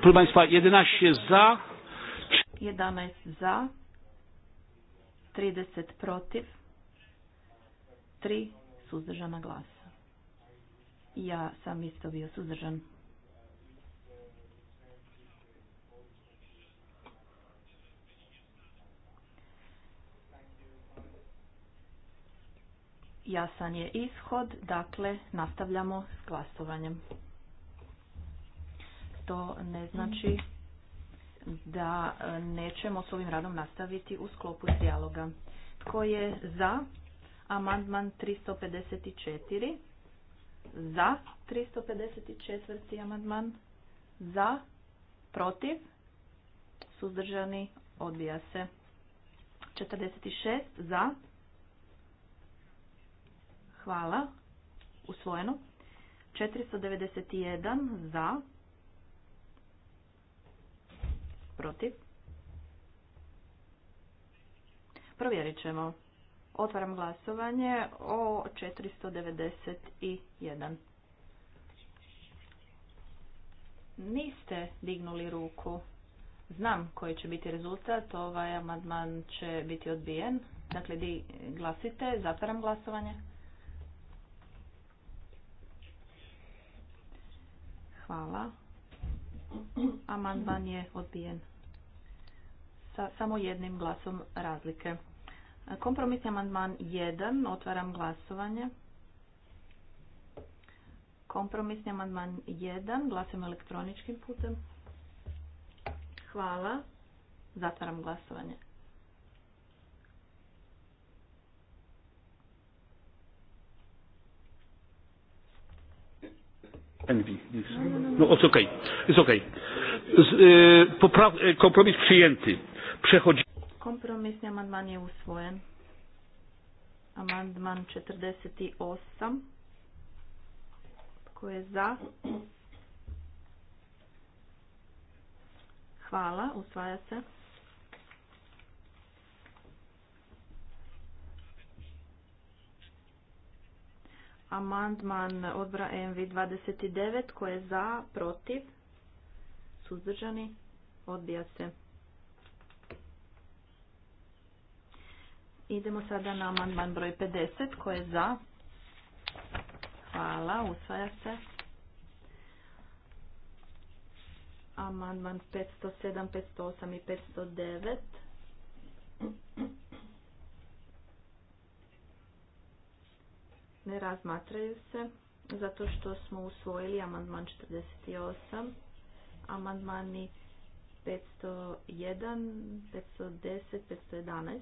Proszę Państwa, 11 za. 11 za. 30 protiv. 3 suzdržana glasa. Ja sam isto bio suzdržan. jasan je ishod, dakle nastavljamo s glasovanjem to ne znači da e, nećemo s ovim radom nastaviti u sklopu dijaloga. Tko je za amandman 354? Za 354. amandman? Za? Protiv? Suzdržani? Odbija se. 46. Za? Hvala. Usvojeno. 491. Za? Protiv? Provjerit ćemo. Otvaram glasovanje o 491. Niste dignuli ruku. Znam koji će biti rezultat. Ovaj amandman će biti odbijen. Dakle, di glasite. Zatvaram glasovanje. Hvala. Amandman je odbijen sa samo jednim glasom razlike. Kompromisni amandman 1. Otvaram glasovanje. Kompromisni amandman 1. Glasujem elektroničkim putem. Hvala. Zatvaram glasovanje. No, It's okay. E, e, kompromis przyjęty. Przechodzi... Kompromisni amandman je usvojen. Amandman 48. Tko je za? Hvala, usvaja se. Amandman odbora MV 29 koje je za, protiv, suzdržani, odbija se. Idemo sada na amandman broj 50 koji je za. Hvala, usvaja se. Amandman 507, 508 i 509. Ne razmatraju se zato što smo usvojili amandman 48, amandmani 501, 510, 511.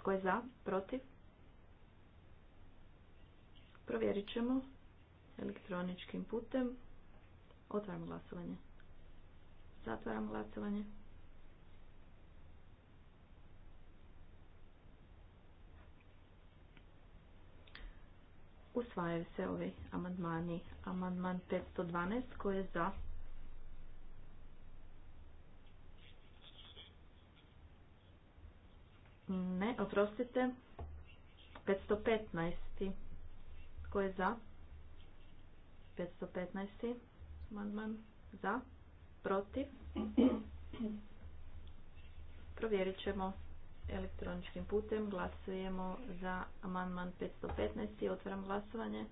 Tko je za? Protiv? Provjerit ćemo elektroničkim putem. Otvaram glasovanje. Zatvaram glasovanje. Usvajaju se ovi amandmani. Amandman 512 koji je za Ne, oprostite. 515. Ko je za? 515. Amandman za. Protiv. Provjerit ćemo elektroničkim putem. Glasujemo za amandman 515. Otvaram glasovanje.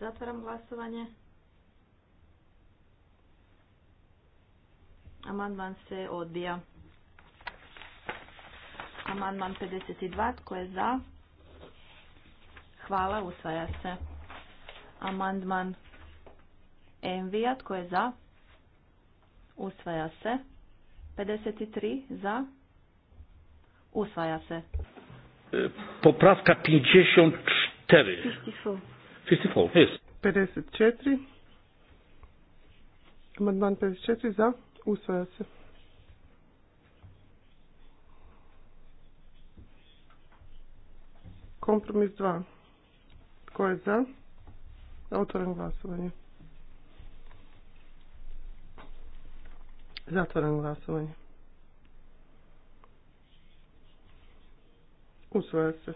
Zatvaram glasovanje. Amandman se odbija. Amandman 52. Tko je za? Hvala. Usvaja se. Amandman Envija. Tko je za? Usvaja se. 53. Za? Usvaja se. Popravka 54. 54. 54. Yes. 54. Amandman 54. Za? Usvaja se. Kompromis 2. Tko je za? Otvoren glasovanje. Zatvoren glasovanje. Usvaja se.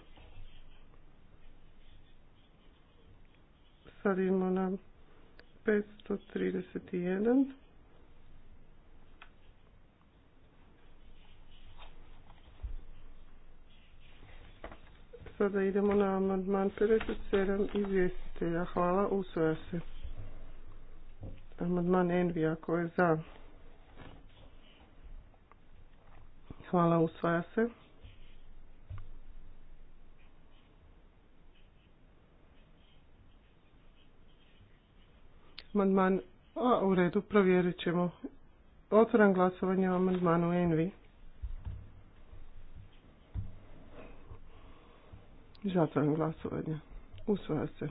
Sad imamo na 531. Sada idemo na amandman 57 izvjestitelja. Hvala, usvoja se. Amandman Envi ako je za? Hvala, usvaja se. Amandman, a u redu, provjerit ćemo. Otvoram glasovanje o amandmanu Envi. Zatvaram glasovanje. Usvaja se.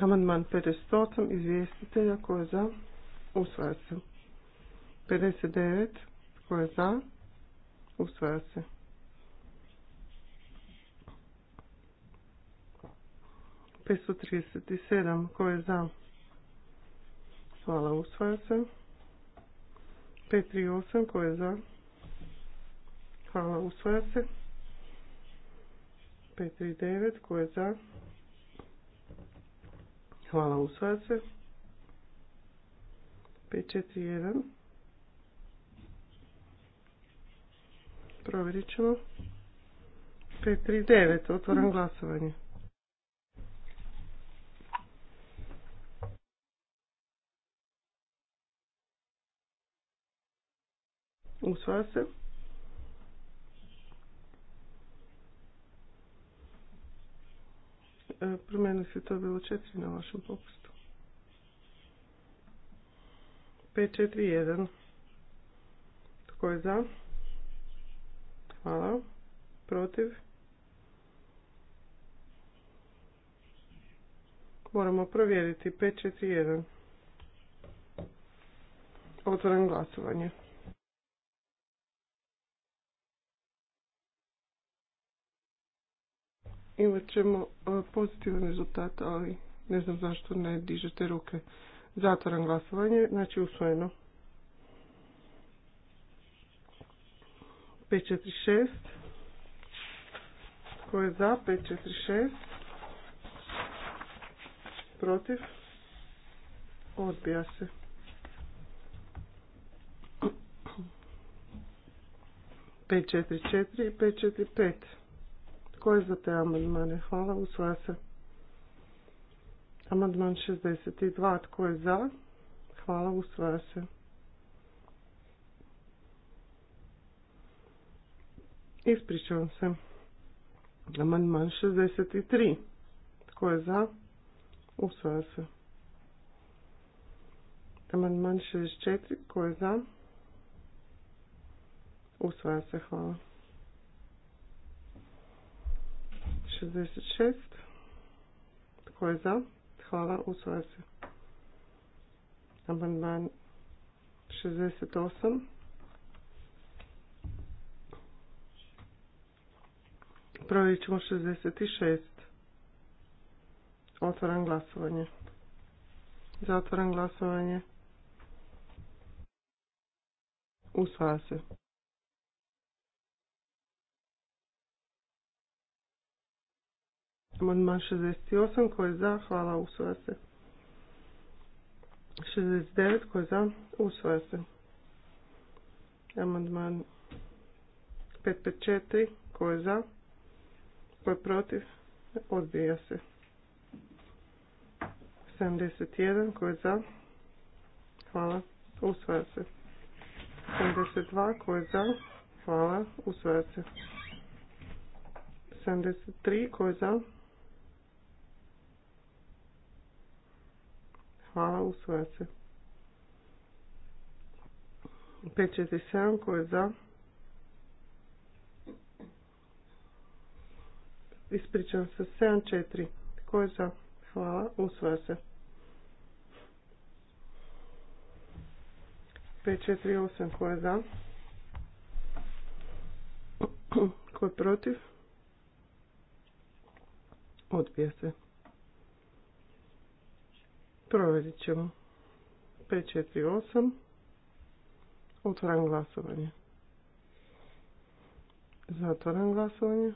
Amandman 58 izvjestitelja koja je za? Usvaja se. 59 koja je za? Usvaja se. Pesu 37 sedam je za? Hvala, usvaja se. 538, koja je za? Hvala, usvaja se. 539, ko je za? Hvala, usvaja se. 541. Provjerit ćemo. 539, otvoram glasovanje. Usvaja se. E, promijenili se, to bilo četiri na vašem popustu. 541. Tko je za? Hvala. Protiv? Moramo provjeriti 541. Otvoren glasovanje. imat ćemo e, pozitivan rezultat, ali ne znam zašto ne dižete ruke. Zatvaram glasovanje, znači usvojeno. 546. Ko je za? šest Protiv? Odbija se. Pet četiri četiri i pet četiri pet. Tko je za te amandmane? Hvala, usvaja se. Amandman 62. Tko je za? Hvala, usvaja se. Ispričavam se. Amandman 63. Tko je za? Usvaja se. Amandman 64. Tko je za? Usvaja se. Hvala. 66. Tko je za? Hvala, usvaja se. Amandman 68. Provjerit ćemo 66. Otvaram glasovanje. Zatvaram glasovanje. Usvaja se. Amandman 68 koji je za, hvala, usvaja se. 69 koji je za, usvaja se. Amandman 554 koji je za, koji je protiv, odbija se. 71 koji je za, hvala, usvaja se. 72 koji je za, hvala, usvaja se. 73 koji je za, Hvala, usvoja se. 547 koje je za. Ispričam se, 74 koje je za. Hvala, usvoja se. 548 koje je za. Ko je protiv? Odbija se. Provjerit ćemo. 548. Otvaram glasovanje. Zatvaram glasovanje.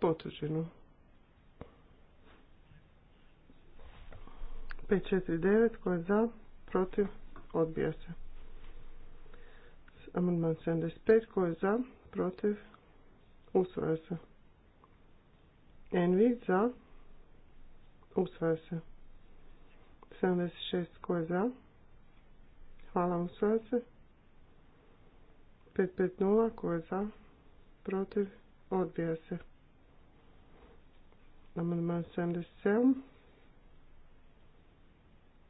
Potvrđeno. 549 koje je za, protiv, odbija se. Amandman 75. Ko je za? Protiv? Usvaja se. Envi za? Usvaja se. 76. Ko je za? Hvala. Usvaja se. 550. Ko je za? Protiv? Odbija se. Amandman 77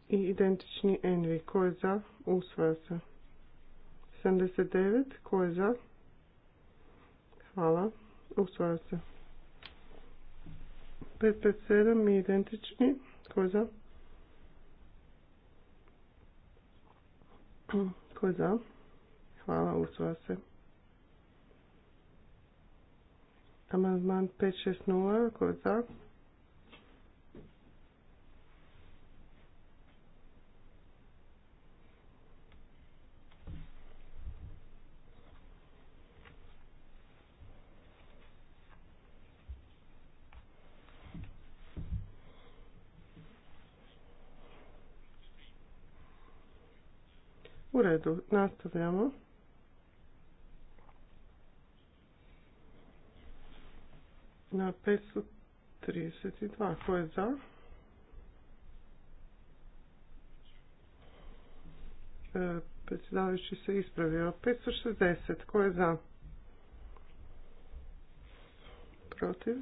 i identični envi. Ko je za? Usvaja se. 79. Ko je za? Hvala. Usvaja se. 557 mi identični. Ko je za? Ko je za? Hvala. Usvaja se. Amazman 560. Ko je za? redu, nastavljamo. Na 532, ko je za? E, predsjedavajući se ispravio. 560, ko je za? Protiv?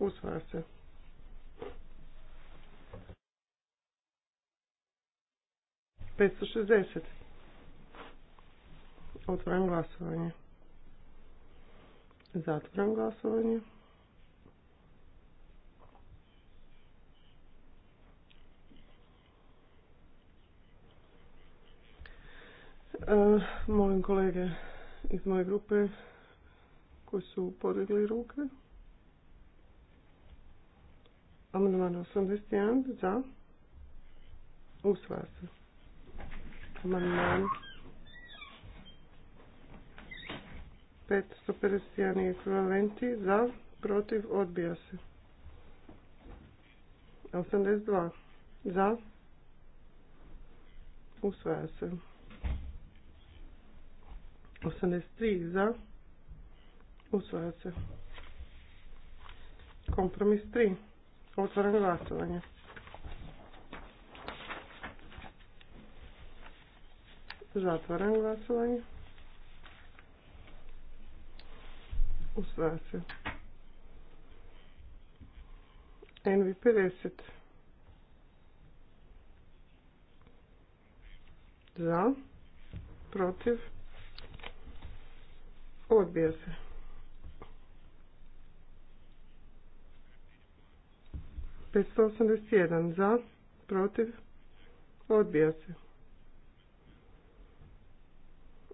Usvaja se. Petsto šestdeset. Otvaram glasovanje. Zatvaram glasovanje. E, molim kolege iz moje grupe koji su podigli ruke. Amandman 81 za. Usvaja se. Amandman 551 ekvivalenti za, protiv, odbija se. 82 za, usvaja se. 83 za, usvaja se. Kompromis 3, otvoren glasovanje. Zatvoren glasovanje. Usvaja NV50. Za. Protiv. Odbija se. Petsto osamdeset jedan za, protiv, odbija se.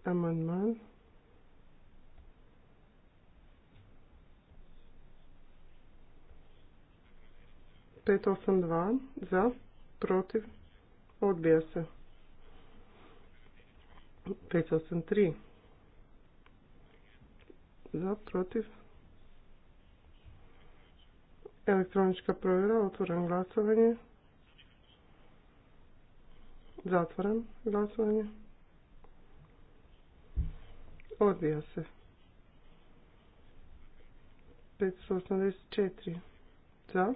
Amandman. 582 za, protiv, odbija se. 583 za, protiv. Elektronička provjera, otvoren glasovanje. Zatvoren glasovanje. Odbija se. 584 za, protiv,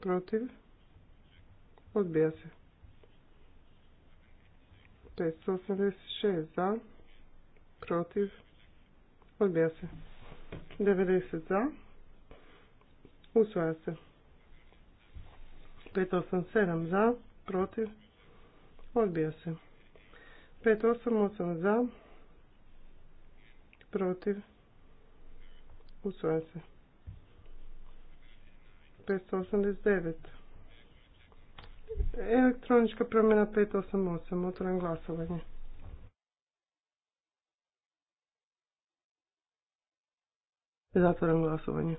protiv, odbija se. 586 za, protiv, odbija se. 90 za, usvaja se. 587 za, protiv, odbija se. 588 za, protiv, usvaja se. 589. Elektronička promjena 588. Otvoren glasovanje. Zatvoren glasovanje.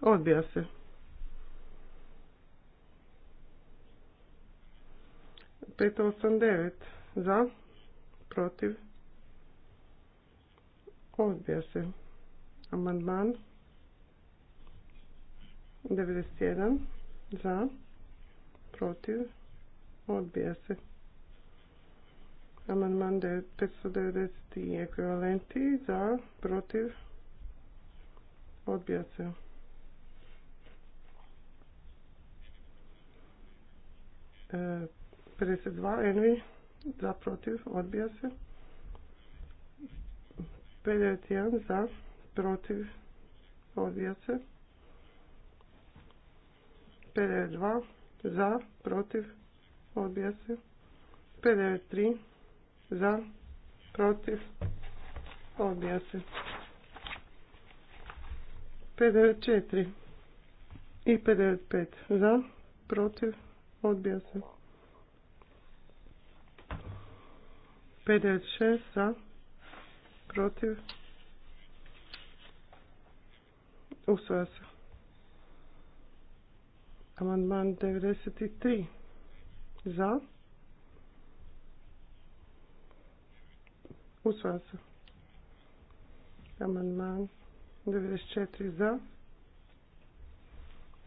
Odbija se. Peto osam devet za, protiv, odbija se. Amandman 91 za, protiv, odbija se. Amandman 590 i ekvivalenti za, protiv, odbija se. Uh, 52 Envy za protiv, odbija se. 591 za protiv, odbija se. 592 za protiv, odbija se. 593 za protiv, odbija se. 594 i 595 za protiv, odbija se. 596 za, protiv, usvaja se. Amandman 93 za, usvaja se. Amandman 94 za,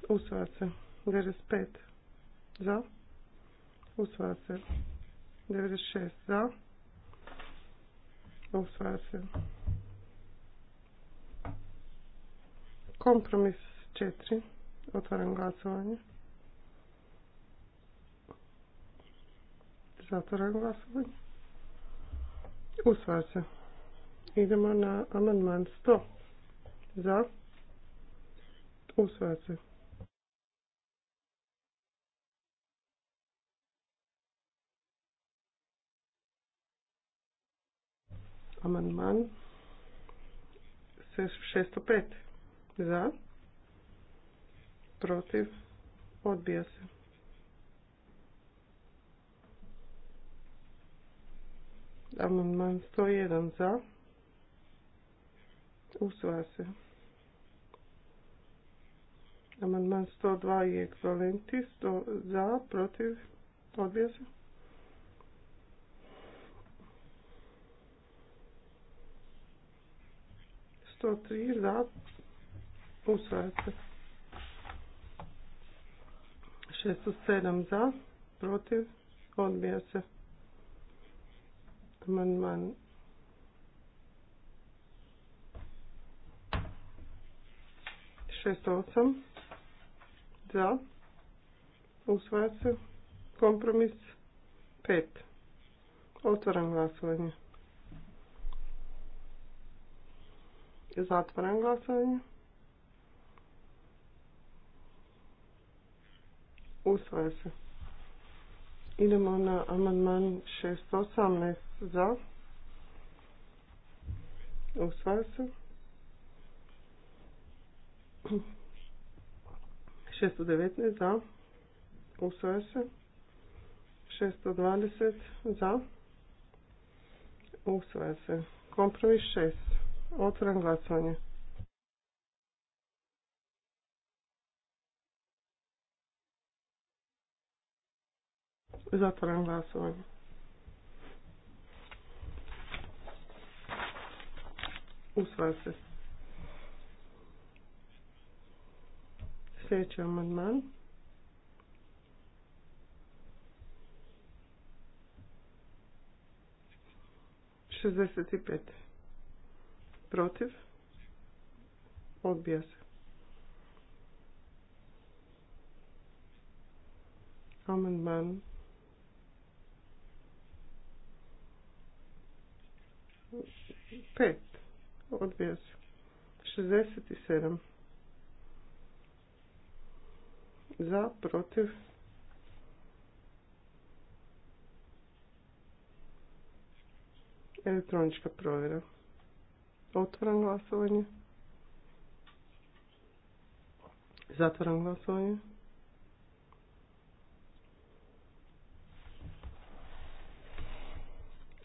usvaja se. 95 za, usvaja se. 96 za, Usvaja se. Kompromis 4. Otvaram glasovanje. Zatvaram glasovanje. Usvaja se. Idemo na amandman 100. Za. Usvaja se. Amandman 605. Za. Protiv. Odbija se. Amandman 101. Za. Usvaja se. Amandman 102 i ekvivalenti. 100 za, protiv, odbija se. 103 za, usvaja 607 za, protiv, odbija se. Amandman 608 za, usvaja se. Kompromis 5. Otvaram glasovanje. Zatvaram glasovanje. Usvaja se. Idemo na amandman 618 za. Usvaja se. 619 za. Usvaja se. 620 za. Usvaja se. Kompromis 6. Otvoram glasovanje. Zatvoram glasovanje. Usvaja se. Sljedeći amandman. Šestdeset pet. Protiv? Odbija se. Amandman. Pet. Odbija se. 67. Za, protiv. Elektronička provjera. Otvaram glasovanje. Zatvaram glasovanje.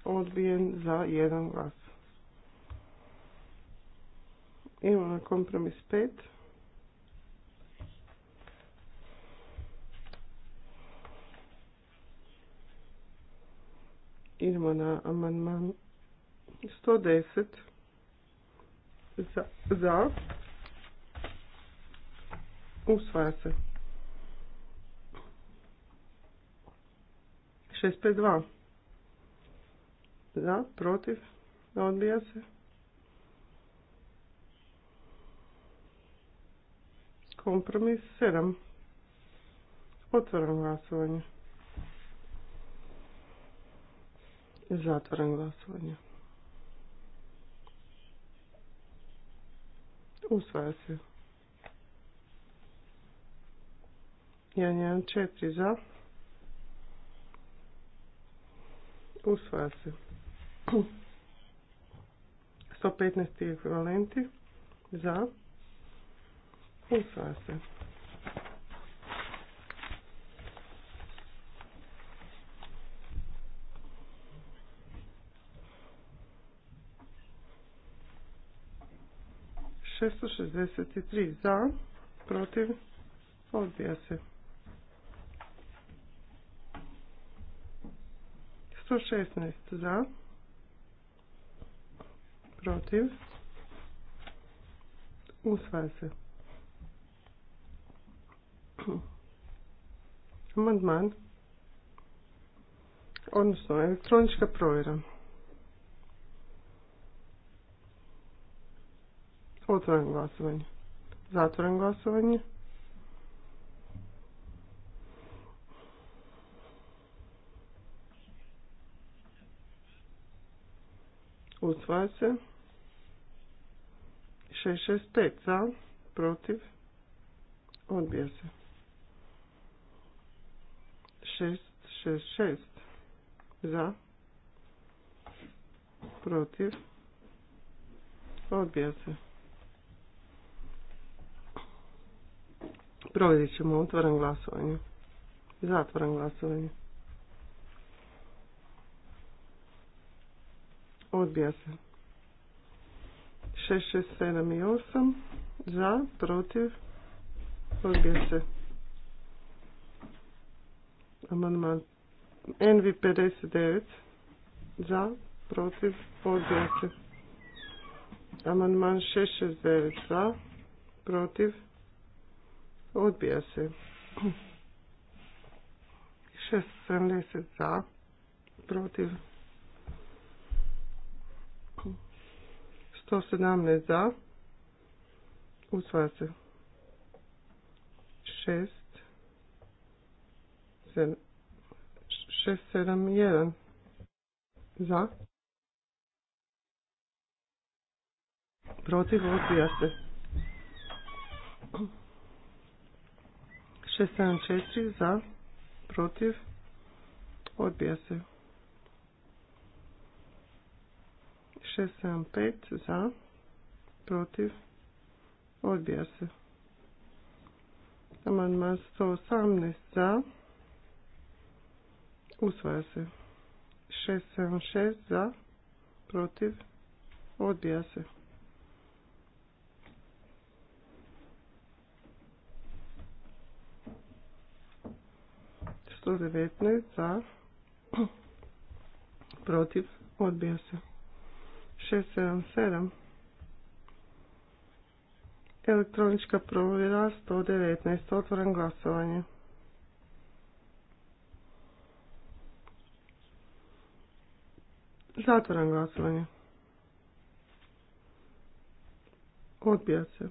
Odbijen za jedan glas. Imamo kompromis 5. Idemo na amandman 110 za, za usvaja se. dva za, protiv, odbija se. Kompromis 7. Otvaram glasovanje. Zatvaram glasovanje. Usvaja se. Jedan, jedan, četiri, za. Usvaja se. 115 ekvivalenti za. Usvaja se. 663 za, protiv, odbija se. 116 za, protiv, usvaja se. Amandman, odnosno elektronička provjera. Otvoren glasovanje. Zatvoren glasovanje. Usvaja se. 665 za, protiv, odbija se. 666 za, protiv, odbija se. Provjerit ćemo. otvoren glasovanje. Zatvoren glasovanje. Odbija se. 6, 6, 7 i 8. Za, protiv. Odbija se. Amandman NV59. Za, protiv. Odbija se. Amandman 669. Za, protiv. odbija se. Odbija se. 670 za. Protiv. 117 za. Usvaja se. 671 Za. Protiv odbija se. 674 za, protiv, odbija se. 675 za, protiv, odbija se. Amandman 118 za, usvaja se. 676 za, protiv, odbija se. 119 za, protiv, odbija se. 677 Elektronička provjera 119. Otvoren glasovanje. Zatvoren glasovanje. Odbija se.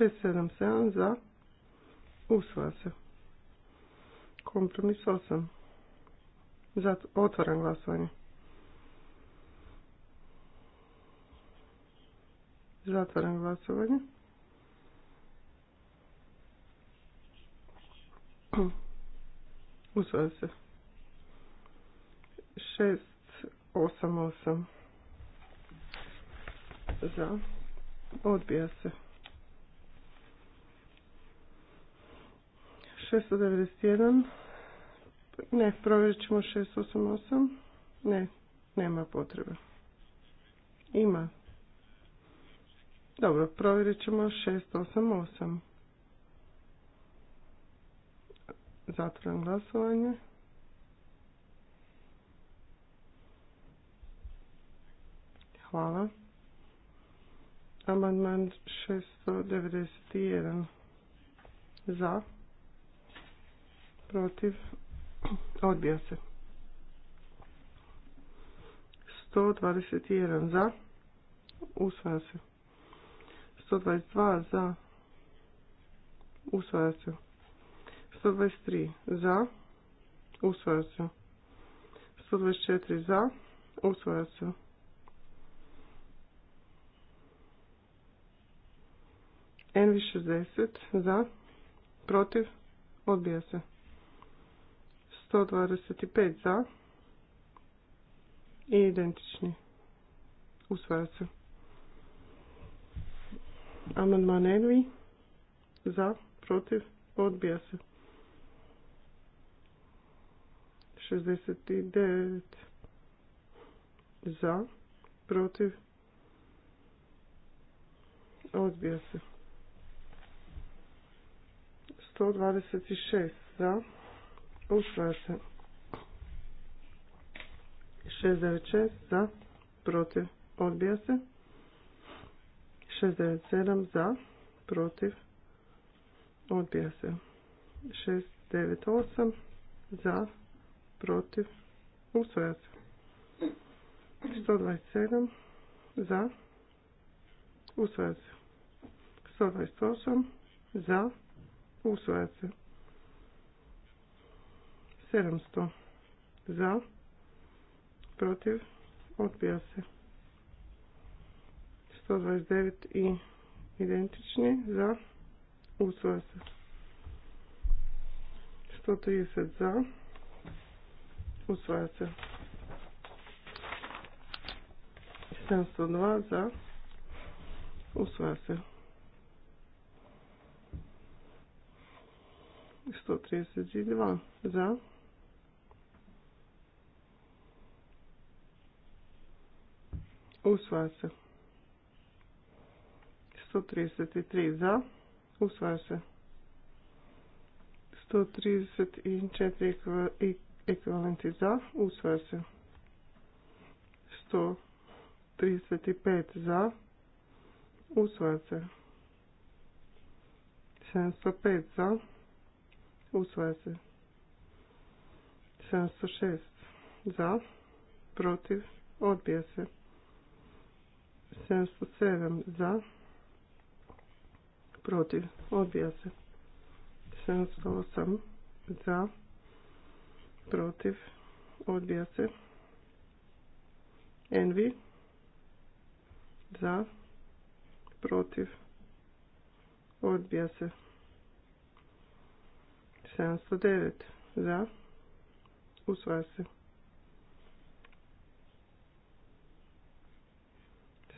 677 za. Usvaja se. Kompromis 8. Zato, otvoram glasovanje. Zatvaram glasovanje. Usvaja se. 6. 8. 8. za. Odbija se. 691. Ne, provjerit ćemo 688. Ne, nema potrebe. Ima. Dobro, provjerit ćemo 688. Zatvoram glasovanje. Hvala. Amandman 691. Za protiv, odbija se. 121 za, usvaja se. 122 za, usvaja se. 123 za, usvaja se. 124 za, usvaja se. 60 za, protiv, odbija se. 125 za i identični. Usvaja se. Amandman Envi za, protiv, odbija se. 69 za, protiv, odbija se. 126 za, Usvaja se. 696 za, protiv, odbija se. 697 za, protiv, odbija se. 698 za, protiv, usvoja se. 127 za, usvoja se. 128 za, usvaja se. 700 za, protiv, odbija se. 129 i identični za, usvoja se. 130 za, usvoja se. 702 za, usvoja se. 132 za, Usvaja se. 133 za. Usvaja se. 134 ekvivalenti za. Usvaja se. 135 za. Usvaja se. 705 za. Usvaja se. 706 za. Protiv. Odbija se. 707 za, protiv, odbija se. 708 za, protiv, odbija se. Envi za, protiv, odbija se. 709 za, usvaja se.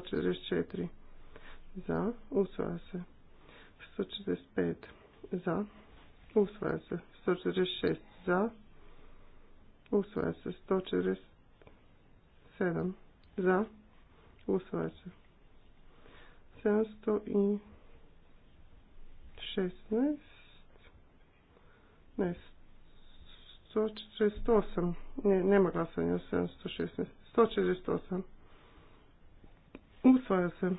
144 za, usvaja se. 145 za, usvaja se. 146 za, usvaja se. 147 za, usvaja se. 716 ne, 148 ne, nema glasanja 716 148 Usvaja se.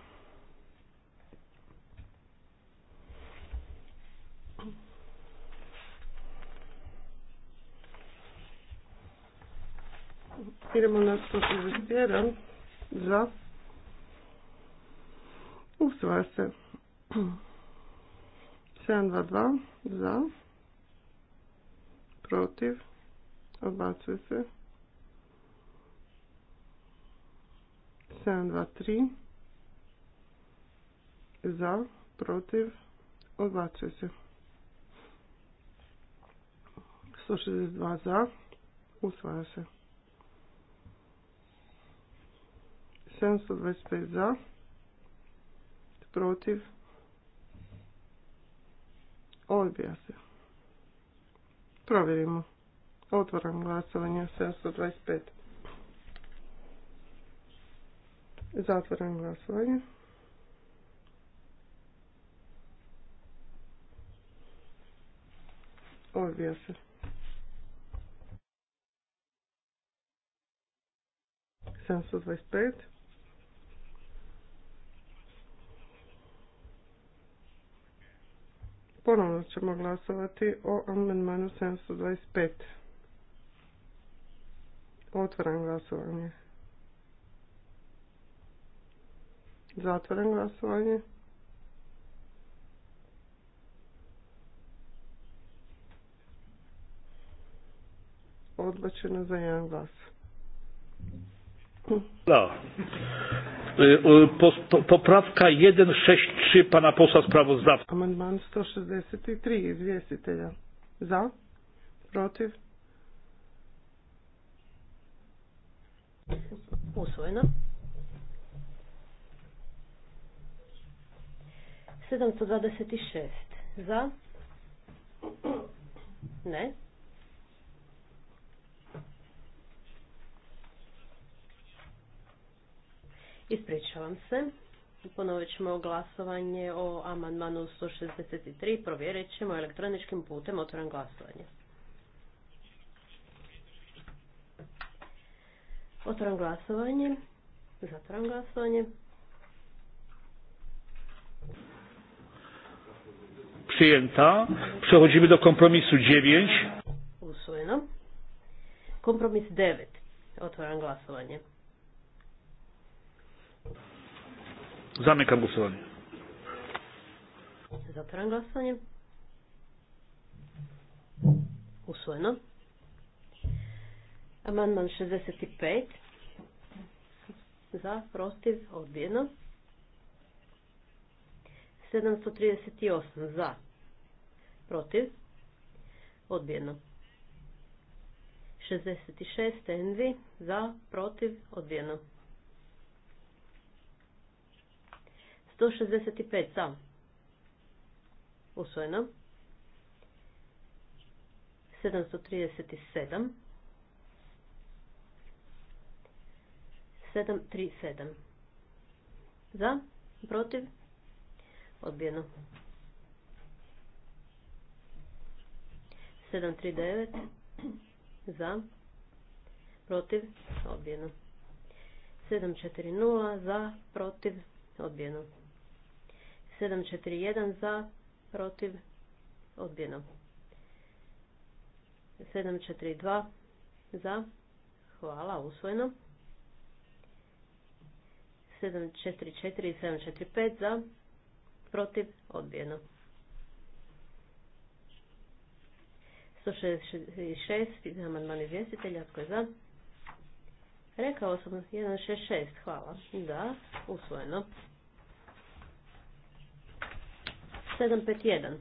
Idemo na 161 za usvaja se 722 za protiv odbacuje se 723 za, protiv, odbačuje se. 162 za, usvaja se. 725 za, protiv, odbija se. Provjerimo. Otvaram glasovanje 725. Zatvaram glasovanje. Odbija se. 725. Ponovno ćemo glasovati o amendmanu 725. Otvaram glasovanje. Zatvoren glasovanje. Odbačeno za jedan glas. Da. E, e, Poprawka 163 pana posła za. Amandman 163 izvjestitelja. Za? Protiv? Usvojeno. 726. Za? Ne. Ispričavam se. Ponovit ćemo glasovanje o amandmanu 163. Provjerit ćemo elektroničkim putem otvoren glasovanje. Otvoren glasovanje. Zatvoren glasovanje. Przyjęta. Przechodzimy do kompromisu 9. Usłyną. Kompromis 9. Otwieram głosowanie. Zamykam głosowanie. Zatwieram głosowanie. Usvojeno. Amandman 65. Za, protiv, odbijeno. 738. Za, protiv, odbijeno. 66 envi za, protiv, odbijeno. 165 za, usvojeno. 737 737 za, protiv, odbijeno. 739 za, protiv, odbijeno. 740 za, protiv, odbijeno. 741 za, protiv, odbijeno. 742 za, hvala, usvojeno. 744 i 745 za, protiv, odbijeno. 166, amandman izvjestitelja, tko je za? Rekao sam 166, hvala. Da, usvojeno. 751.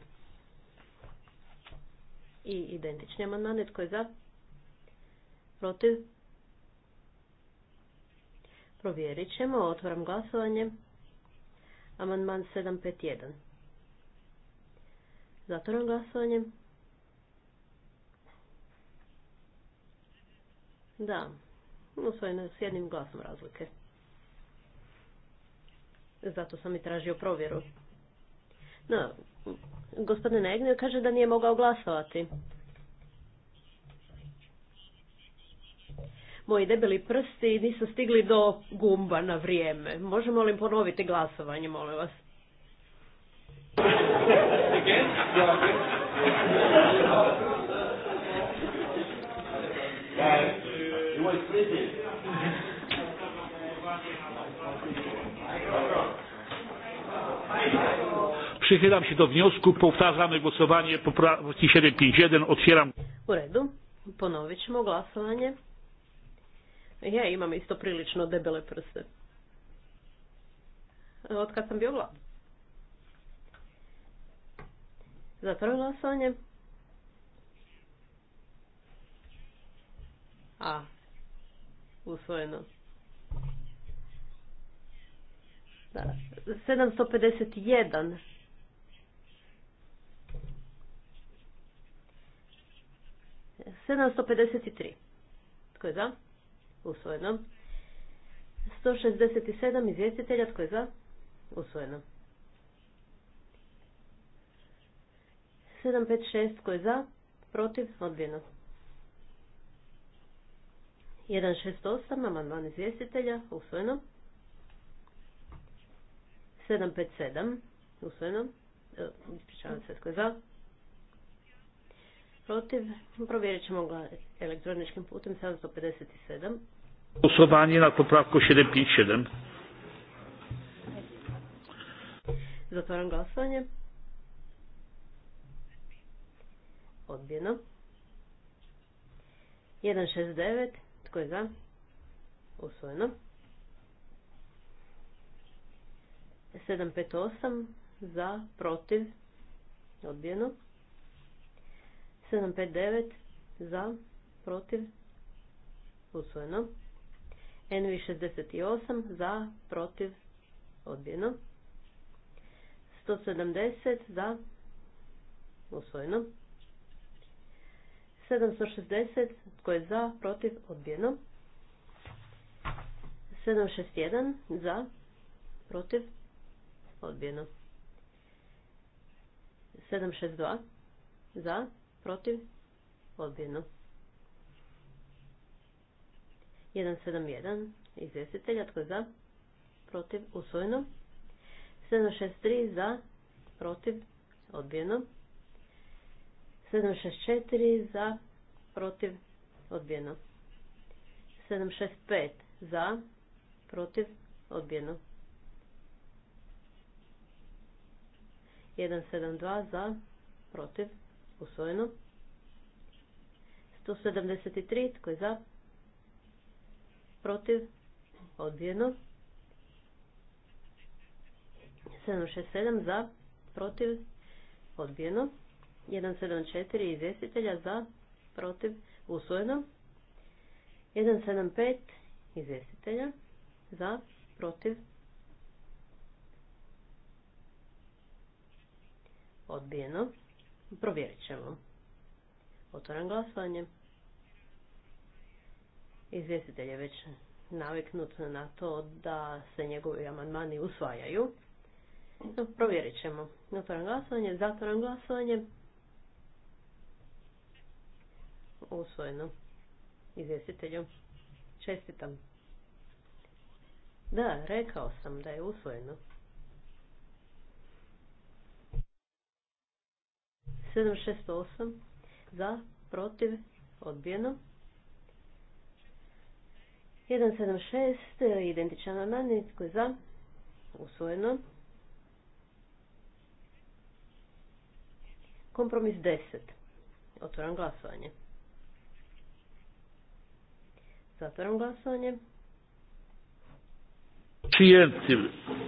I identični amandman, tko je za? Protiv? Provjerit ćemo, otvoram glasovanje. Amandman 751. Zatvoram glasovanje. Da, usvojeno je s jednim glasom razlike. Zato sam i tražio provjeru. No, gospodin Egnio kaže da nije mogao glasovati. Moji debeli prsti nisu stigli do gumba na vrijeme. Možemo li ponoviti glasovanje, molim vas? Przychylam się do wniosku, powtarzamy głosowanie poprawki 751, otwieram. U redu, ponovit ćemo glasovanje. Ja imam isto prilično debele prste. Od kad sam bio vlad. Zatvorim glasovanje. A, usvojeno. Da, 751. 753. Tko je za? Usvojeno. 167 izvjestitelja. Tko je za? Usvojeno. 756. Tko je za? Protiv? Odbijeno. 168, amandman izvjestitelja, usvojeno. 757, usvojeno. E, ispričavam se, tko je za? Protiv? Provjerit ćemo ga elektroničkim putem 757. Glasovanje na popravku 757. Zatvoram glasovanje. Odbijeno. 169 tko je za? Usvojeno. 758 za, protiv, odbijeno. 759 za, protiv, usvojeno. NV68 za, protiv, odbijeno. 170 za, usvojeno. 760, tko je za, protiv, odbijeno. 761, za, protiv, odbijeno. 762, za, protiv, odbijeno. 171, izvjestitelja, tko je za, protiv, usvojeno. 763, za, protiv, odbijeno. 764 za, protiv, odbijeno. 765 za, protiv, odbijeno. 172 za, protiv, usvojeno. 173 tko je za, protiv, odbijeno. 767 za, protiv, odbijeno. 174 izvjestitelja za, protiv, usvojeno. 175 izvjestitelja za, protiv, odbijeno. Provjerit ćemo. Otvoram glasovanje. Izvjestitelj je već naviknut na to da se njegovi amandmani usvajaju. Provjerit ćemo. Otvoram glasovanje, zatvoram glasovanje usvojeno izvjestitelju. Čestitam. Da, rekao sam da je usvojeno. 768 za, protiv, odbijeno. 176 identičan amandman koji za usvojeno. Kompromis 10. Otvaram glasovanje. Zatvaram glasovanje. Przyjęty.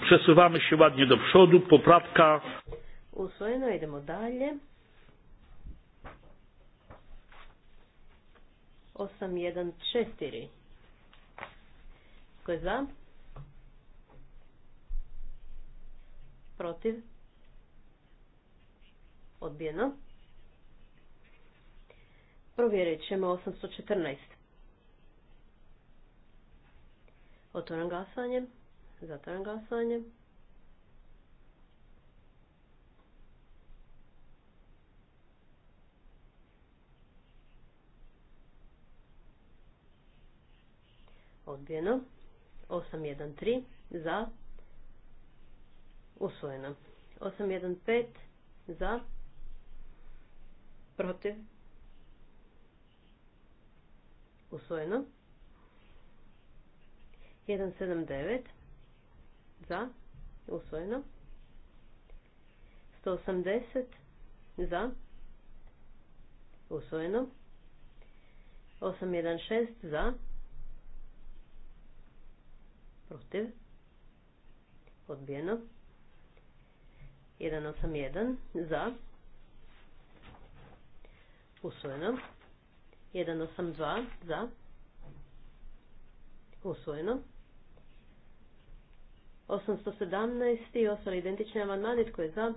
Przesuwamy się ładnie do przodu. Poprawka. Usvojeno, idemo dalje. 814. Tko je za? Protiv? Odbijeno. Provjerit ćemo 814. Otvoram gasanje, Zatvoram gasanje. Odbijeno. 813 za. Usvojeno. 815 za. Protiv. Usvojeno. 179 za, usvojeno. 180 za, usvojeno. 816 za, protiv, odbijeno. 181 za, usvojeno. 182 za, usvojeno. 817 i ostali identični amandmani tko je za,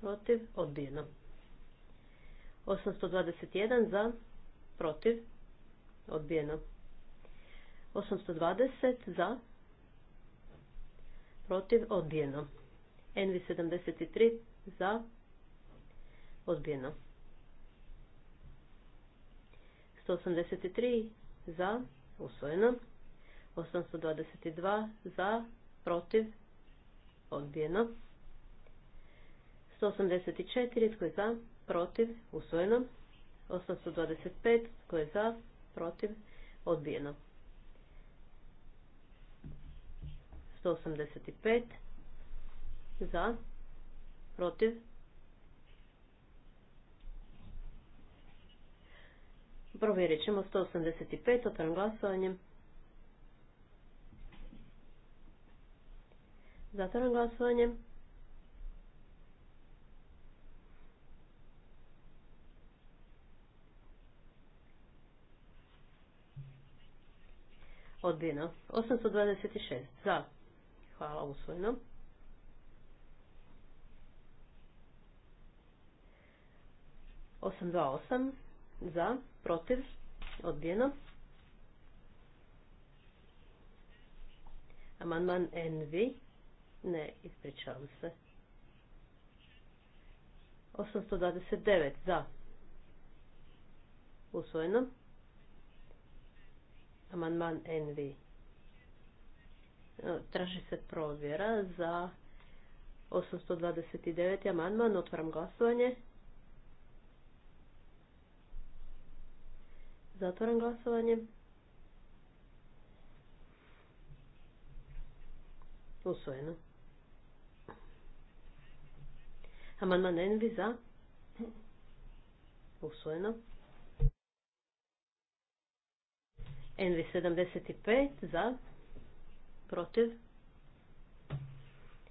protiv, odbijeno. 821 za, protiv, odbijeno. 820 za, protiv, odbijeno. NV73 za, odbijeno. 183 za, usvojeno. 822 za, protiv, odbijeno. 184, tko je za, protiv, usvojeno. 825, tko je za, protiv, odbijeno. 185, za, protiv, Provjerit ćemo 185 otvoren glasovanjem. Zatvoram glasovanje. Odbijeno. 826. Za. Hvala, usvojeno. Osam dva osam. Za. Protiv. Odbijeno. Amandman NV. Ne, ispričavam se. 829 za. Usvojeno. Amandman NV. E, traži se provjera za 829. amandman. Otvaram glasovanje. Zatvaram glasovanje. Usvojeno. Amandman Envi za. Usvojeno. Envi 75 za. Protiv.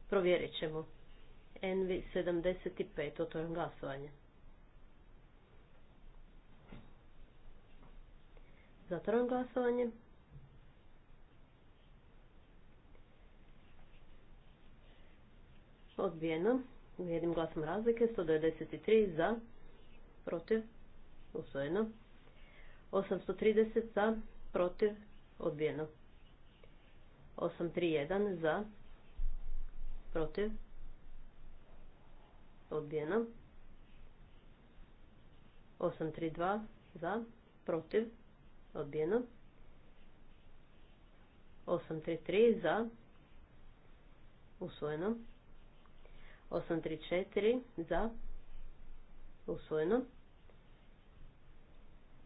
Provjerit ćemo. Envi 75, otvorim glasovanje. Zatvorim glasovanje. Odbijeno jednim glasom razlike, 193 za, protiv, usvojeno, 830 za, protiv, odbijeno, 831 za, protiv, odbijeno, 832 za, protiv, odbijeno, 833 za, usvojeno, 834 za usvojeno.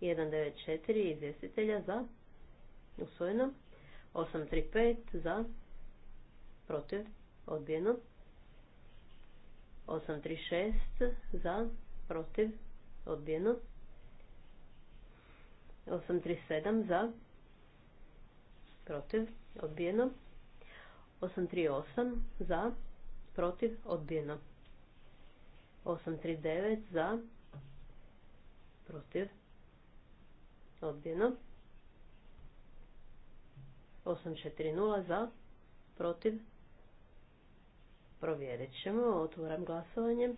194 izvjestitelja za usvojeno. 835 za protiv odbijeno. 836 za protiv odbijeno. 837 za protiv odbijeno. 838 za protiv, odbijeno. 839 za, protiv, odbijeno. 840 za, protiv, provjerit ćemo, otvoram glasovanje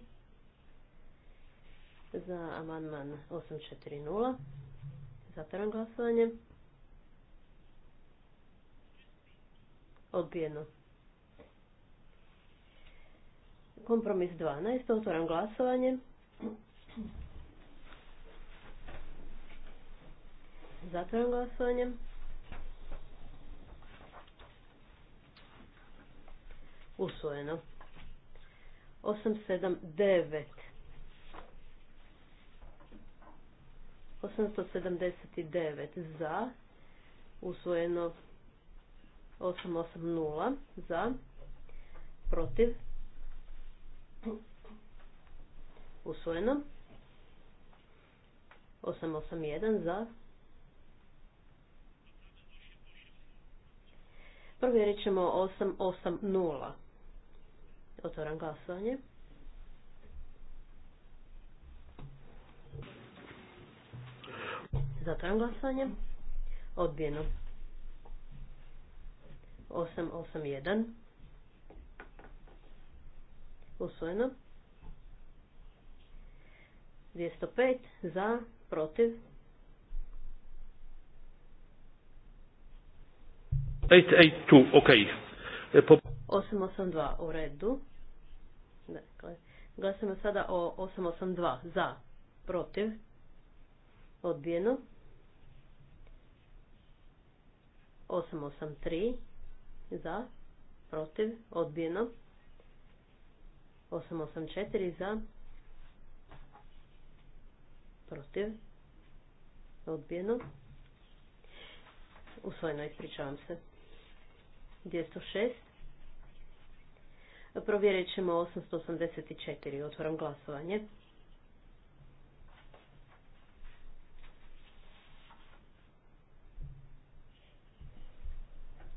za amandman 840, zatvaram glasovanje, odbijeno. Kompromis 12. Otvoram glasovanje. Zatvoram glasovanje. Usvojeno. 879. 879 za. Usvojeno 880 za. Protiv Usvojeno. 881 za. Provjerit ćemo 880. Otvoram glasovanje. Zatvoram glasovanje. Odbijeno. 881 usvojeno. 205 za, protiv. 882 e, u redu. Dakle, glasamo sada o 882 za, protiv, odbijeno. 883 za, protiv, odbijeno. 884 za, protiv, odbijeno, usvojeno, ispričavam se, 206, provjerit ćemo 884, otvoram glasovanje.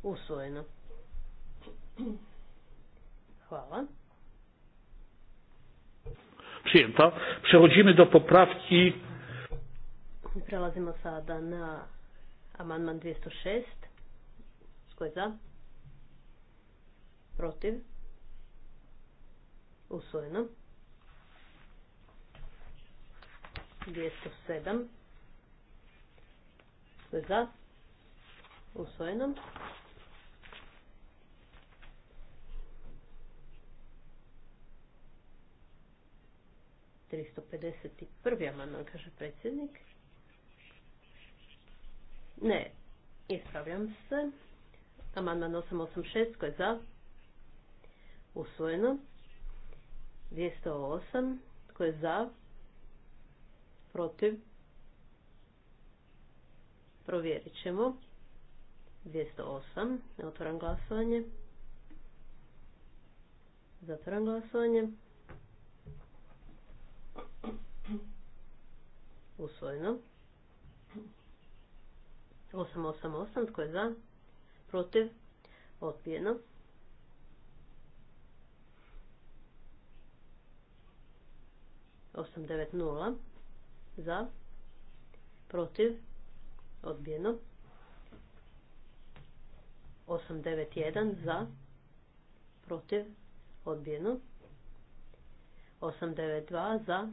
Usvojeno. Hvala przyjęta. Przechodzimy do poprawki. Prelazimo sada na amendment 206. Tko za? Protiv? Usvojeno. 207. Tko za? Usvojeno. 351. amandman, kaže predsjednik. Ne, ispravljam se. Amandman 886 koji je za. Usvojeno. 208 koji je za. Protiv. Provjerit ćemo. 208. Otvoram glasovanje. Zatvoram glasovanje. usvojeno. 888, tko je za? Protiv? Odbijeno. Osam devet nula. Za. Protiv. Odbijeno. Osam devet jedan. Za. Protiv. Odbijeno. Osam devet dva. Za.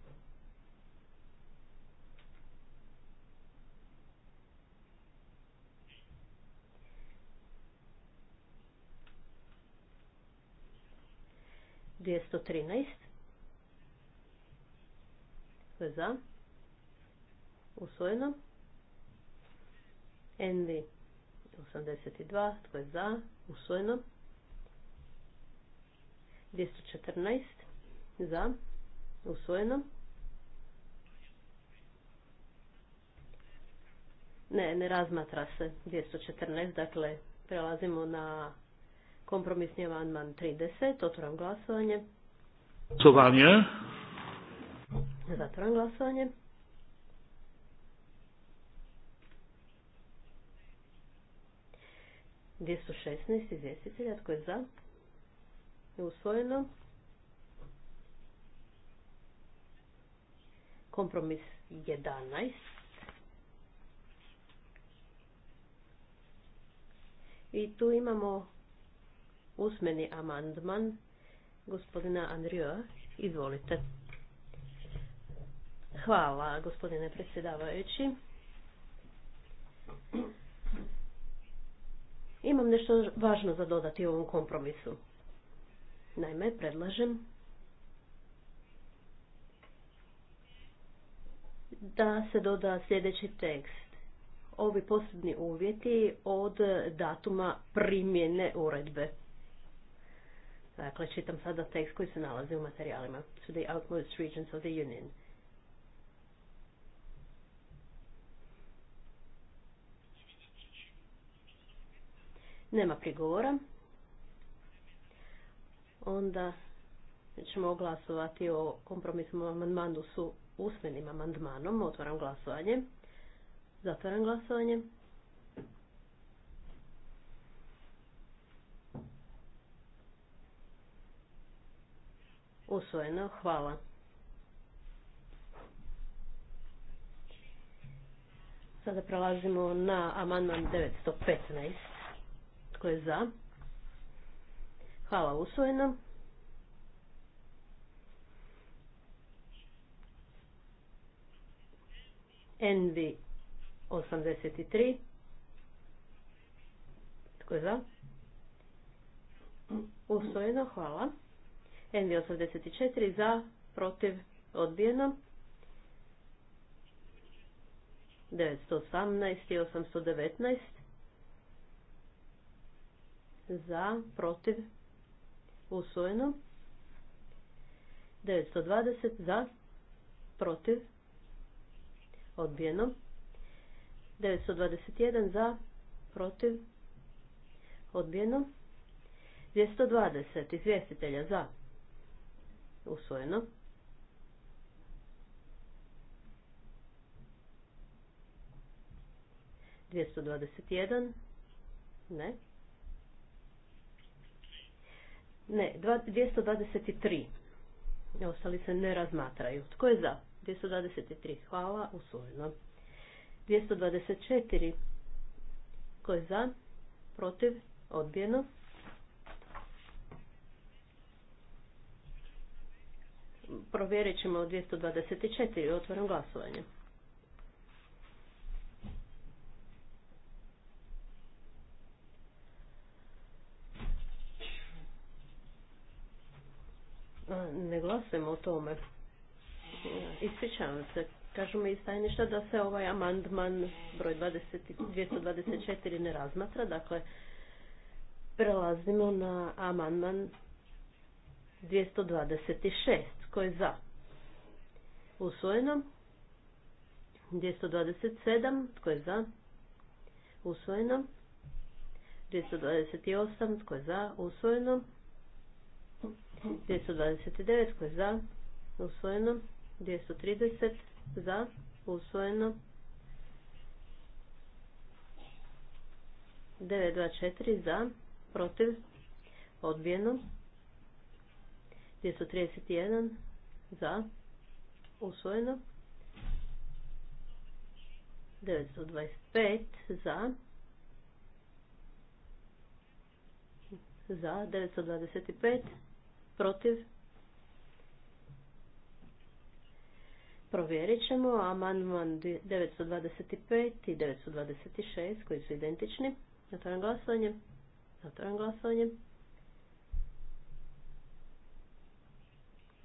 213. Tko je za? Usvojeno. Envi 82. Tko je za? Usvojeno. 214. Za. Usvojeno. Ne, ne razmatra se 214, dakle prelazimo na Kompromisni avanman 30. Otvoram glasovanje. Glasovanje. Zatvoram glasovanje. Gdje su 16 izvjestitelja? Tko je za? Je usvojeno. Kompromis 11. I tu imamo usmeni amandman gospodina Andrija. Izvolite. Hvala gospodine predsjedavajući. Imam nešto važno za dodati ovom kompromisu. Naime, predlažem da se doda sljedeći tekst. Ovi posebni uvjeti od datuma primjene uredbe. Dakle, čitam sada tekst koji se nalazi u materijalima. To the outmost regions of the Union. Nema prigovora. Onda ćemo glasovati o kompromisnom amandmanu su usmenim amandmanom. Otvaram glasovanje. Zatvaram glasovanje. Usvojeno. Hvala. Sada prelazimo na amandman 915. Tko je za? Hvala. Usvojeno. NV 83. Tko je za? Usvojeno, hvala n 84 za, protiv, odbijeno. 918 i 819 za, protiv, usvojeno. 920 za, protiv, odbijeno. 921 za, protiv, odbijeno. 220 izvjestitelja za, usvojeno. Dvijesto dvadeset jedan, ne. Ne, 223. dvadeset tri. Ostali se ne razmatraju. Tko je za? 223. Hvala, usvojeno. 224. Tko je za? Protiv? Odbijeno. provjerit ćemo 224. Otvaram glasovanje. Ne glasujemo o tome. Ispričavam se. Kažu mi iz tajništa da se ovaj amandman broj 20, 224 ne razmatra. Dakle, prelazimo na amandman 226. Tko je za? Usvojeno. 227. Tko je za? Usvojeno. 228. Tko je za? Usvojeno. 229. Tko je za? Usvojeno. 230. Za? Usvojeno. 924. Za? Protiv? Odbijeno. 231 za usvojeno 925 za za 925 protiv provjerit ćemo amandman 925 i 926 koji su identični zatvoram glasovanje zatvoram glasovanje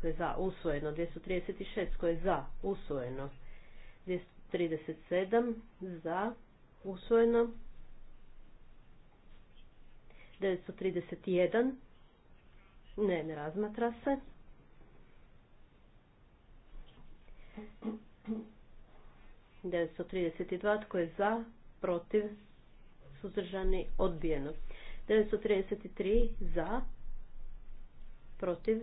koje dakle, je za, usvojeno. 236 koje je za, usvojeno. 237 za, usvojeno. 931 ne, ne razmatra se. devetsto trideset tko je za protiv suzdržani odbijeno 933 za protiv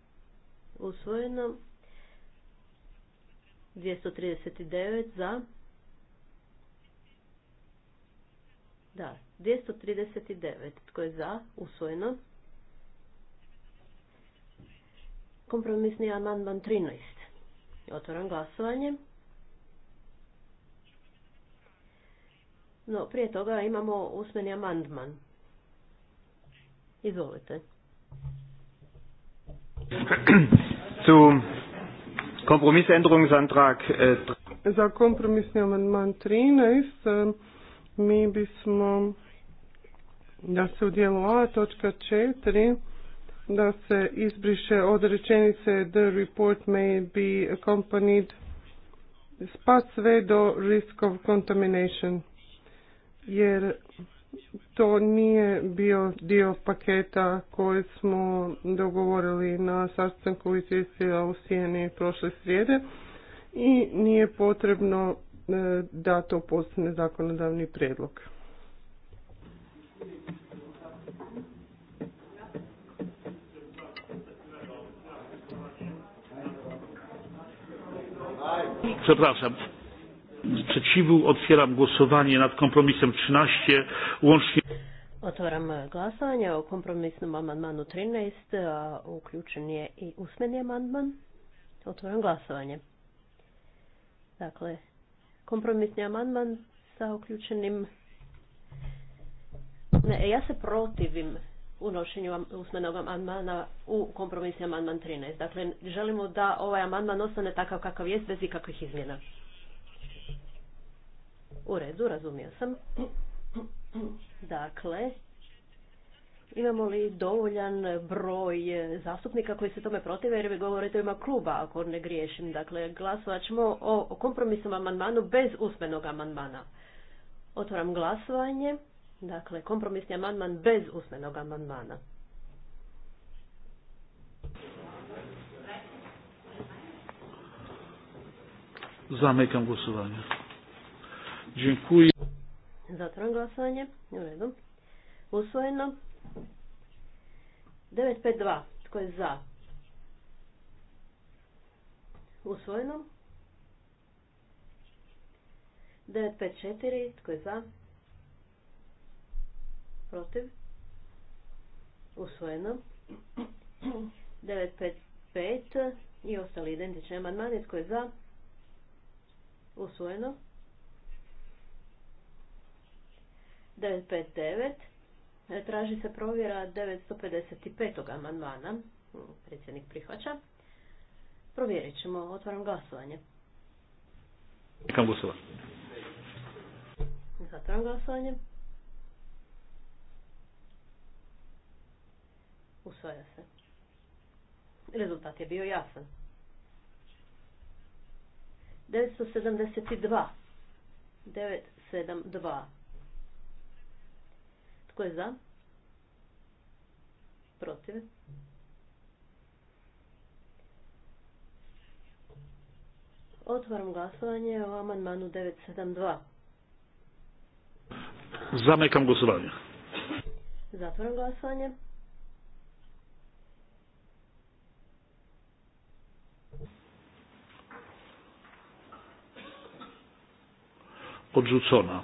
usvojeno. 239 za. Da, 239. Tko je za? Usvojeno. Kompromisni amandman 13. Otvoram glasovanje. No, prije toga imamo usmeni amandman. Izvolite. Zu Kompromissänderungsantrag äh, za kompromisni amandman 13 e, mi bismo da se u dijelu A točka 4 da se izbriše od rečenice the report may be accompanied pa sve do risk of contamination jer to nije bio dio paketa koji smo dogovorili na sastanku izvjestila u Sijeni prošle srijede i nije potrebno e, da to postane zakonodavni prijedlog. Przepraszam, sprzeciwu otwieram głosowanie nad kompromisem 13 łącznie. Otvaram glasovanje o kompromisnom amandmanu 13, a uključen je i usmeni amandman. Otvaram glasovanje. Dakle, kompromisni amandman sa uključenim... Ne, ja se protivim unošenju usmenog amandmana u kompromisni amandman 13. Dakle, želimo da ovaj amandman ostane takav kakav jest bez ikakvih izmjena. U redu, razumio sam. Dakle, imamo li dovoljan broj zastupnika koji se tome protive jer vi govorite u ima kluba ako ne griješim. Dakle, glasovat ćemo o kompromisnom amandmanu bez usmenog amandmana. Otvaram glasovanje. Dakle, kompromisni amandman bez usmenog amandmana. Zamekam glasovanje. Dziękuję. Zatrzymam glasovanje. U redu. Usvojeno. 952. Tko je za? Usvojeno. 954. Tko je za? Protiv. Usvojeno. 955. I ostali identični amandmani. Tko je za? Usvojeno. 959. Traži se provjera 955. amandmana. Predsjednik prihvaća. Provjerit ćemo. Otvaram glasovanje. Kam glasova? Zatvaram glasovanje. Usvaja se. Rezultat je bio jasan. 972. 972. Tko je za? Protiv? Otvaram glasovanje o amandmanu 972. Zamekam glasovanje. Zatvaram glasovanje. Odrzucona.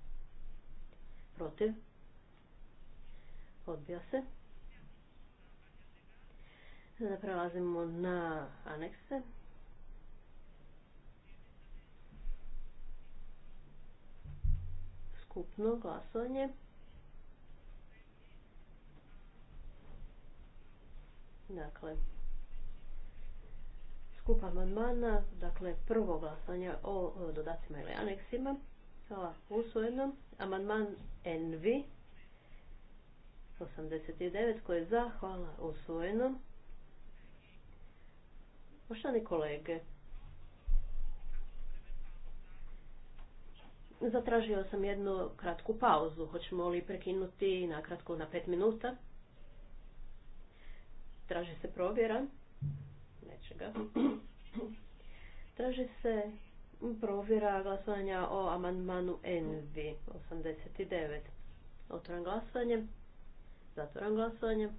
protiv, odbija se. Sada prelazimo na anekse. Skupno glasovanje. Dakle, skupa amandmana, dakle prvo glasovanje o dodacima ili aneksima. Hvala. Usvojeno. Amandman Envi. 89. Ko je za? Hvala. Usvojeno. Poštani kolege. Zatražio sam jednu kratku pauzu. Hoćemo li prekinuti nakratko na pet minuta? Traži se provjera. Nečega. Traži se provjera glasovanja o amandmanu NV 89. Otvoram glasovanje. Zatvoram glasovanje.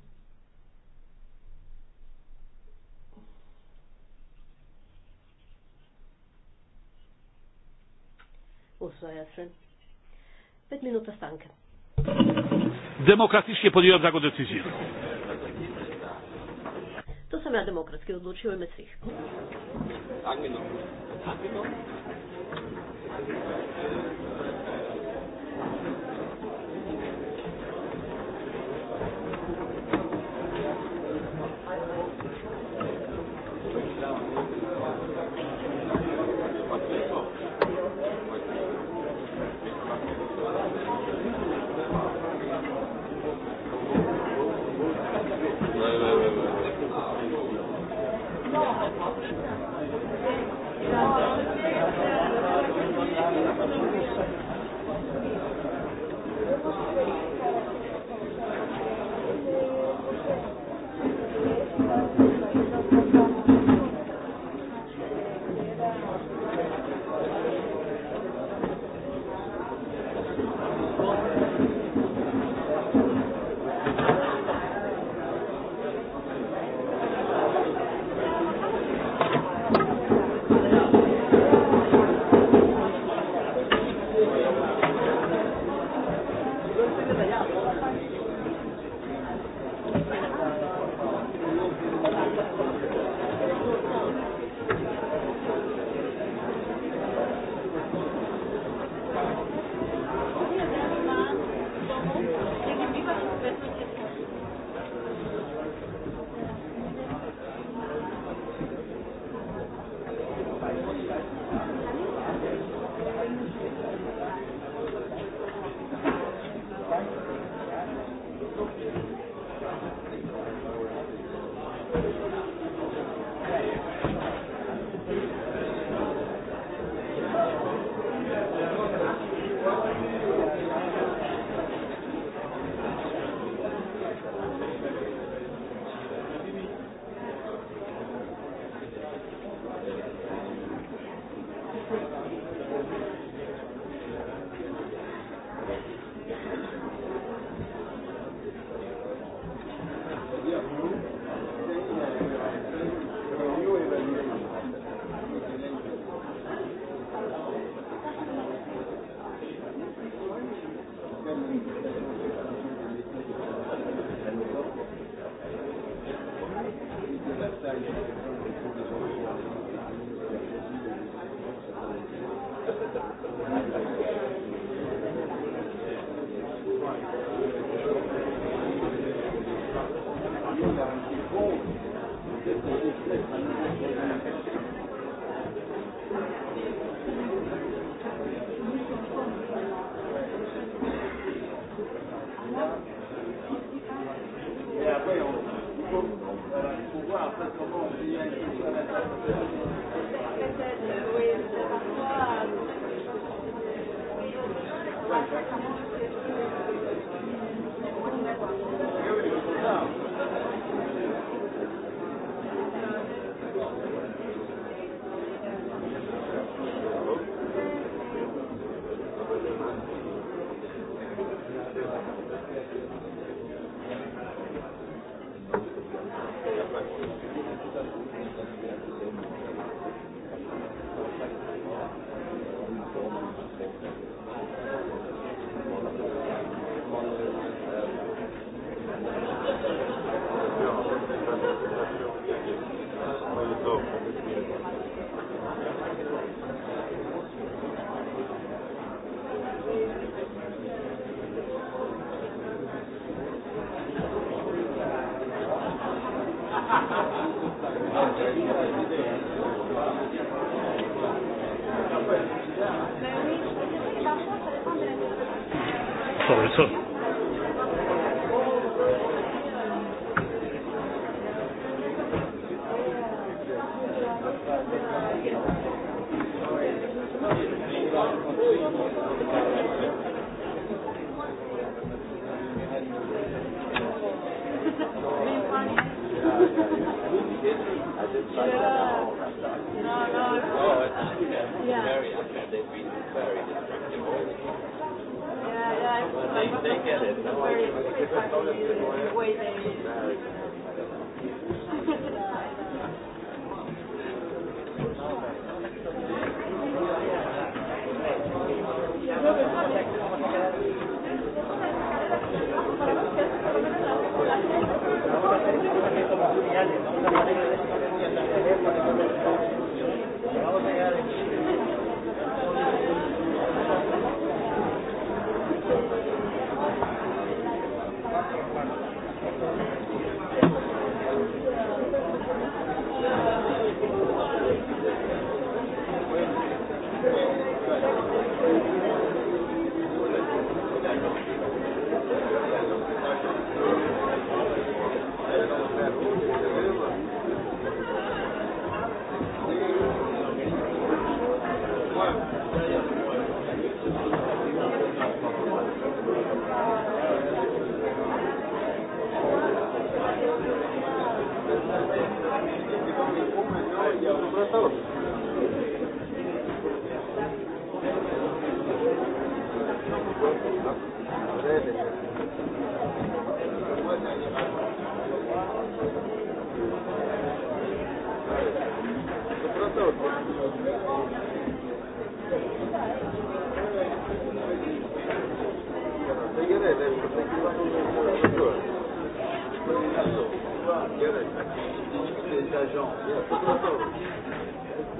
Usvaja se. Pet minuta stanke. Demokraticznie podijel taką decyzję sam ja demokratski odlučio u ime svih. Angenommen. Angenommen.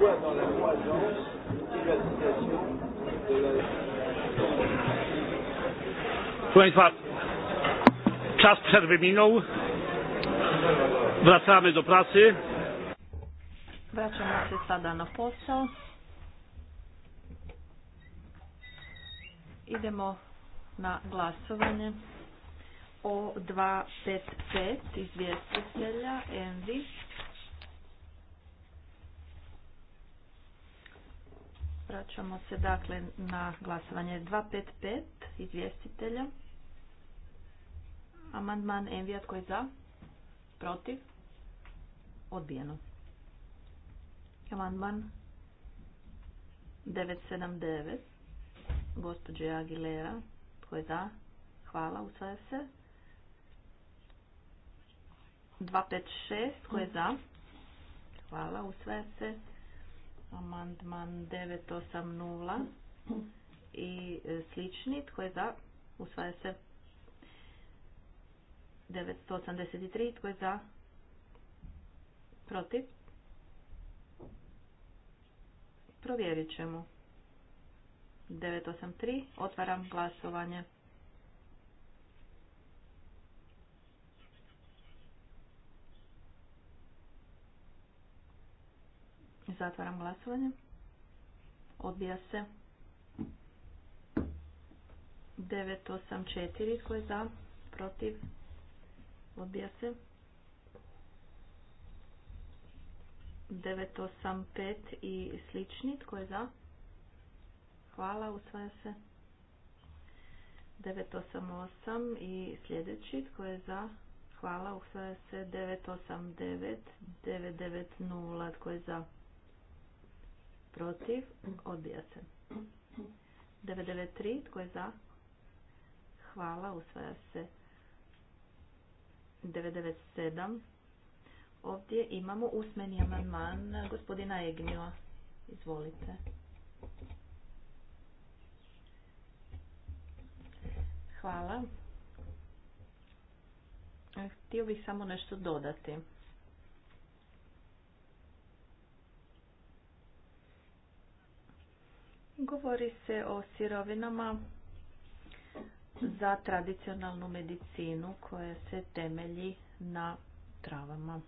voit dans la croissance et l'application de la... Proszę Państwa, czas przerwy minął. Wracamy do pracy. Wracamy do sada na posao. Idemo na głosowanie o 255 izvjestitelja Envi. Vraćamo se dakle na glasovanje 255 izvjestitelja. Amandman Envija tko je za? Protiv? Odbijeno. Amandman 979 gospođe Aguilera tko je za? Hvala, usvaja se. 256 tko je za? Hvala, usvaja se. Amandman 980 i e, slični. Tko je za? Usvaja se 983. Tko je za? Protiv? Provjerit ćemo. 983. Otvaram glasovanje. Zatvaram glasovanje. Odbija se. 984. Tko je za? Protiv? Odbija se. 985 i slični. Tko je za? Hvala, usvaja se. 988 i sljedeći. Tko je za? Hvala, usvaja se. 989, 990. Tko je za? protiv, odbija se. 993, tko je za? Hvala, usvaja se. 997, ovdje imamo usmeni amandman gospodina Egnio, Izvolite. Hvala. Htio bih samo nešto dodati. Govori se o sirovinama za tradicionalnu medicinu koja se temelji na travama.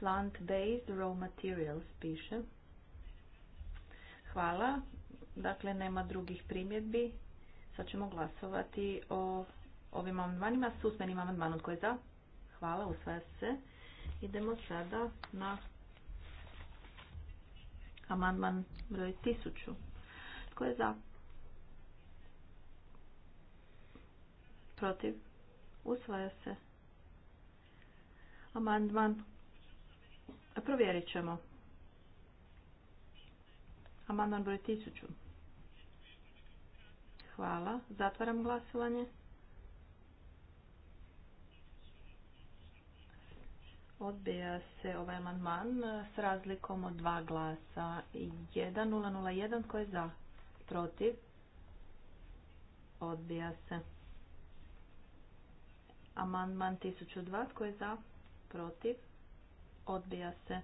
Plant-based raw materials piše. Hvala. Dakle, nema drugih primjedbi. Sad ćemo glasovati o ovim amandmanima s amandmanom. koji je za? Hvala, usvaja se. Idemo sada na Amandman broj tisuću. Tko je za? Protiv? Usvaja se. Amandman. Provjerit ćemo. Amandman broj tisuću. Hvala. Zatvaram glasovanje. Odbija se ovaj amandman s razlikom od dva glasa. 1001 koji je za? Protiv? Odbija se. Amandman 1002 koji je za? Protiv? Odbija se.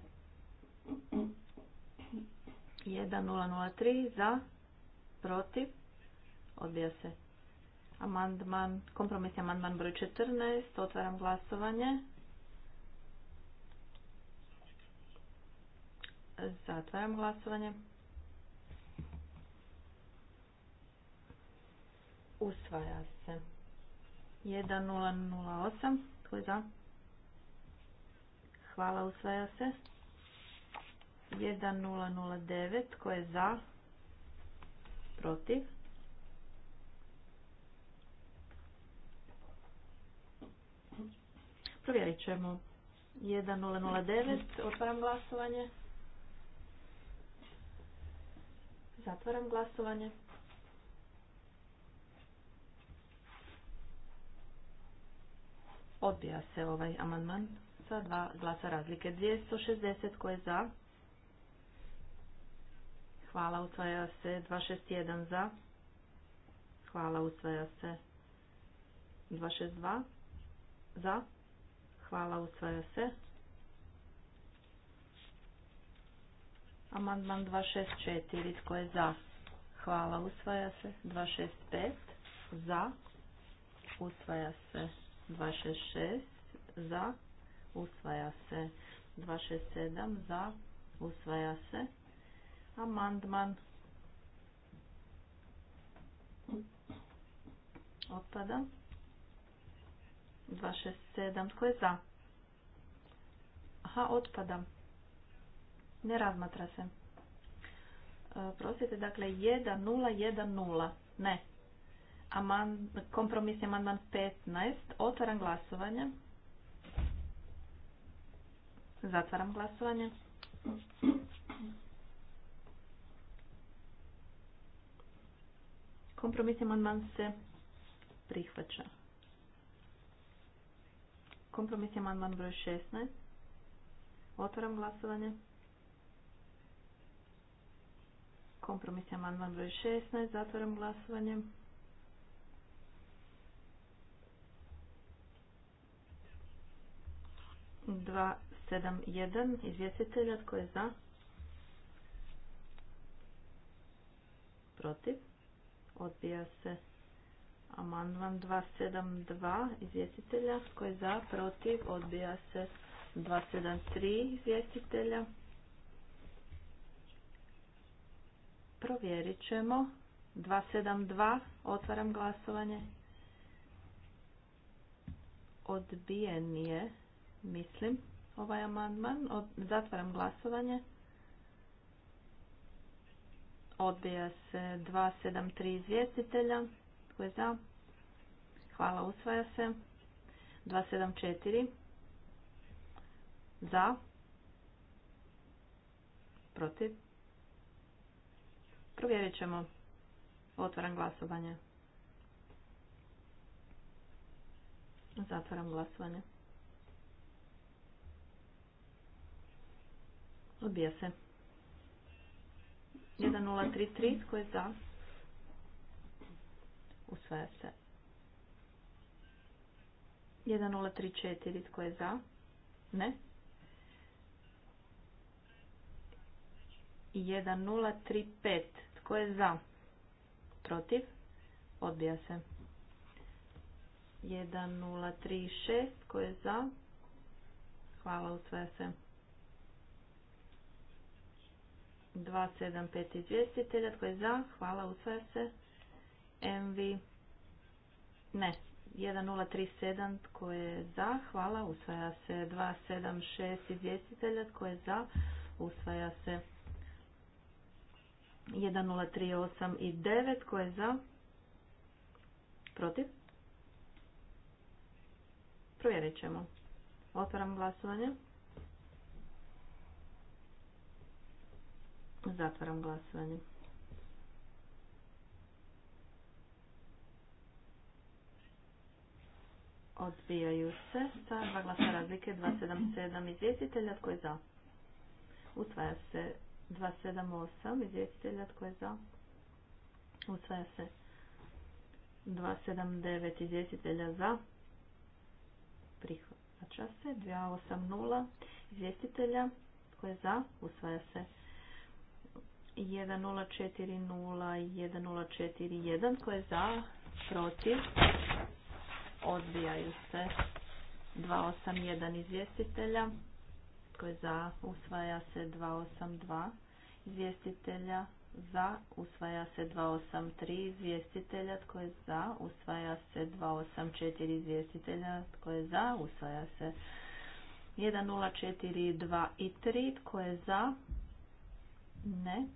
1003 za? Protiv? Odbija se. Amandman, kompromisni amandman broj 14. Otvaram glasovanje. Zatvaram glasovanje. Usvaja se. 1008. Tko je za? Hvala, usvaja se. 1009. Tko je za? Protiv. Provjerit ćemo. 1009. Otvaram glasovanje. Zatvaram glasovanje. Odbija se ovaj amandman sa dva glasa razlike. 260 koje za. Hvala, usvaja se. 261 za. Hvala, usvaja se. 262 za. Hvala, usvaja se. Amandman 264. Tko je za? Hvala. Usvaja se. 265. Za. Usvaja se. 266. Za. Usvaja se. 267. Za. Usvaja se. Amandman. Otpada. 267. Tko je za? Aha, otpada. Ne razmatra se. E, Prostite, dakle, 1-0-1-0. Ne. Aman, je mandan 15. Otvaram glasovanje. Zatvaram glasovanje. Kompromis man mandan se prihvaća. Kompromis je mandan broj 16. Otvaram glasovanje. Kompromisni amandman broj 16. Zatvaram glasovanje. Dva, sedam, jedan. Izvjestitelja tko je za? Protiv. Odbija se amandman 272 izvjestitelja. Tko je za? Protiv. Odbija se 273 izvjestitelja. Provjerit ćemo. 272. Otvaram glasovanje. Odbijen je, mislim, ovaj amandman. Zatvaram glasovanje. Odbija se 273 izvjestitelja. Tko je za? Hvala, usvaja se. 274. Za. Protiv. Provjerit ćemo. Otvaram glasovanje. Zatvaram glasovanje. Odbija se. 1033, tko je za? Usvaja se. 1034, tko je za? Ne. 1035, tko je za? Protiv? Odbija se. 1036. Tko je za? Hvala, usvaja se. 275 izvjestitelja. Tko je za? Hvala, usvaja se. MV. Ne. 1037. Tko je za? Hvala, usvaja se. 276 izvjestitelja. Tko je za? Usvaja se. 1038 i 9 koje je za protiv provjerit ćemo otvaram glasovanje zatvaram glasovanje odbijaju se sa dva glasa razlike 277 izvjestitelja tko je za usvaja se 278 izvjestitelja tko je za usvaja se 279 izvjestitelja za prihvaća se 280 izvjestitelja tko je za usvaja se 1040 1041 tko je za protiv odbijaju se 281 izvjestitelja tko je za? Usvaja se 282. Izvjestitelja za? Usvaja se 283. Izvjestitelja. Tko je za? Usvaja se 284. Izvjestitelja. Tko je za? Usvaja se 1042 i 3. Tko je za? Ne.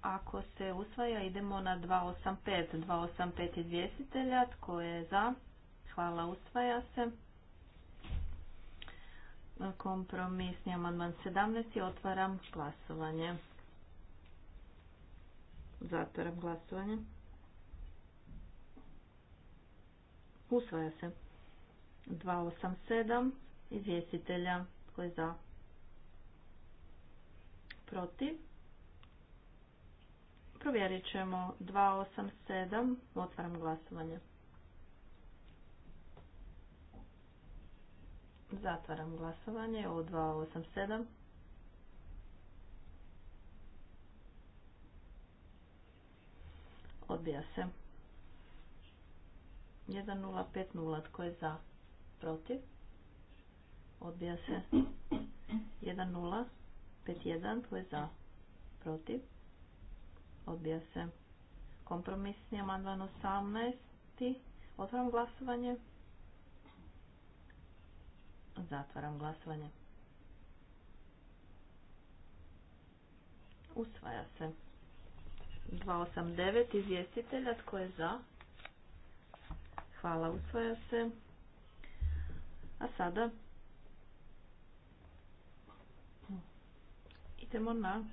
Ako se usvaja, idemo na 285. 285 izvjestitelja. Tko je za? Hvala, usvaja se kompromisni amandman 17 i otvaram glasovanje. Zatvaram glasovanje. Usvaja se. 287 izvjestitelja koji je za protiv. Provjerit ćemo 287. Otvaram glasovanje. Zatvaram glasovanje o 287. Odbija se. 1050 tko je za? Protiv? Odbija se. 1051 tko je za? Protiv? Odbija se. Kompromisni amandman 18. Otvaram glasovanje. Zatvaram glasovanje. Usvaja se. 289 izvjestitelja. Tko je za? Hvala, usvaja se. A sada idemo na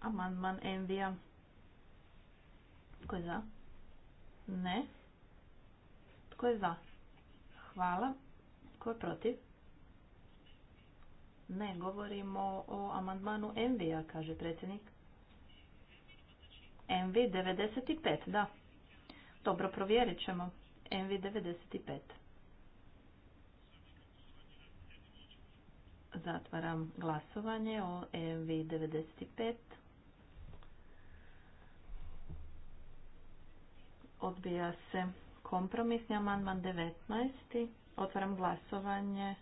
amandman Envija. Tko je za? Ne. Tko je za? Hvala. Tko je protiv? Ne, govorimo o amandmanu Envija, kaže predsjednik. Envi 95, da. Dobro, provjerit ćemo. mv 95. Zatvaram glasovanje o MV 95. Odbija se kompromisni amandman 19. Otvaram glasovanje.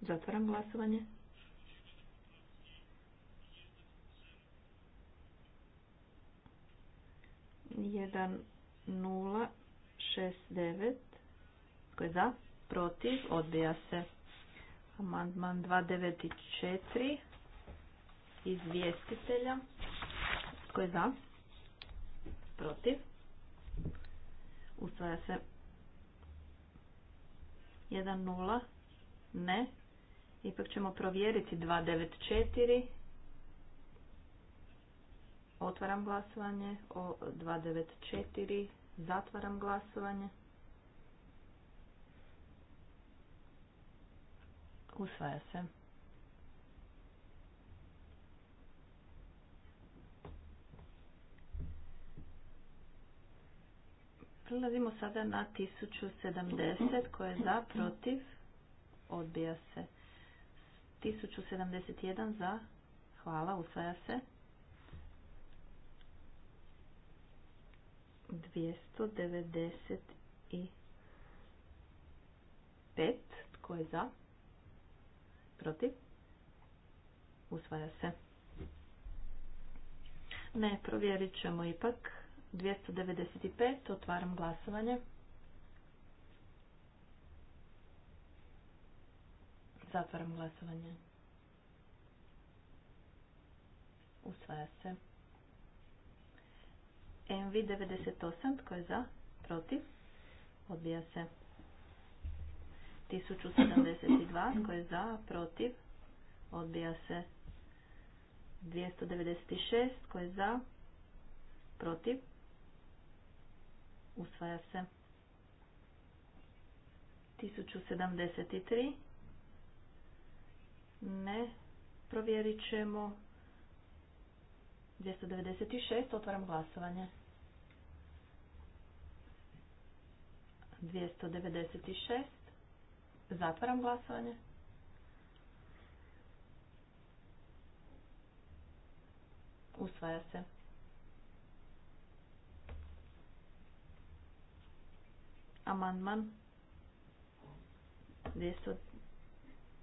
Zatvaram glasovanje. Jedan nula šest devet. Tko je za? Protiv? Odbija se. Amandman 294 izvjestitelja. Tko je za? protiv. Ustvaja se 1, 0, ne. Ipak ćemo provjeriti 2, 9, 4. Otvaram glasovanje. 2, 9, 4. Zatvaram glasovanje. Ustvaja se 1, 0, ne. Prelazimo sada na 1070 koje je za, protiv, odbija se. 1071 za, hvala, usvaja se. 295 koje je za, protiv, usvaja se. Ne, provjerit ćemo ipak. 295. Otvaram glasovanje. Zatvaram glasovanje. Usvaja se. MV98. Tko je za? Protiv? Odbija se. 1072. Tko je za? Protiv? Odbija se. 296. Tko je za? Protiv? Usvaja se. 1073. Ne. Provjerit ćemo. 296. Otvaram glasovanje. 296. Zatvaram glasovanje. Usvaja se. Amandman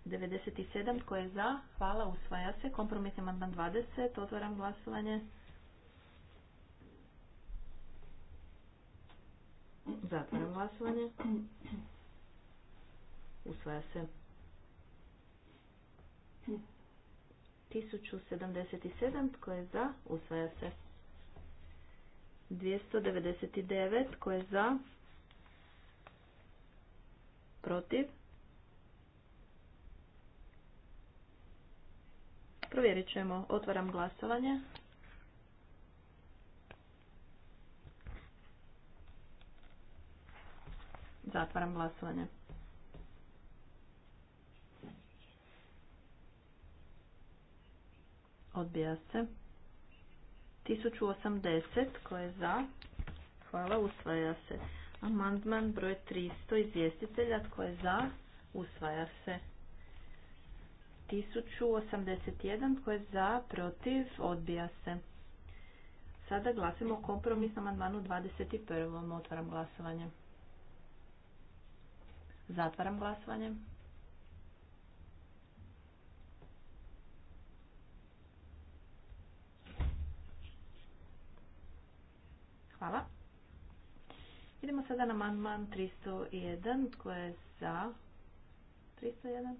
297. Tko je za? Hvala. Usvaja se. Kompromis amandman 20. Otvaram glasovanje. Zatvaram glasovanje. Usvaja se. 1077. Tko je za? Usvaja se. 299. Tko je za? protiv. Provjerit ćemo. Otvaram glasovanje. Zatvaram glasovanje. Odbija se. 1080 koje je za. Hvala, usvaja se. Amandman broj 300 izvjestitelja tko je za? Usvaja se. 1081 tko je za? Protiv? Odbija se. Sada glasimo o kompromisnom amandmanu 21. Otvaram glasovanje. Zatvaram glasovanje. Hvala. Idemo sada na manman 301. Tko je za? 301.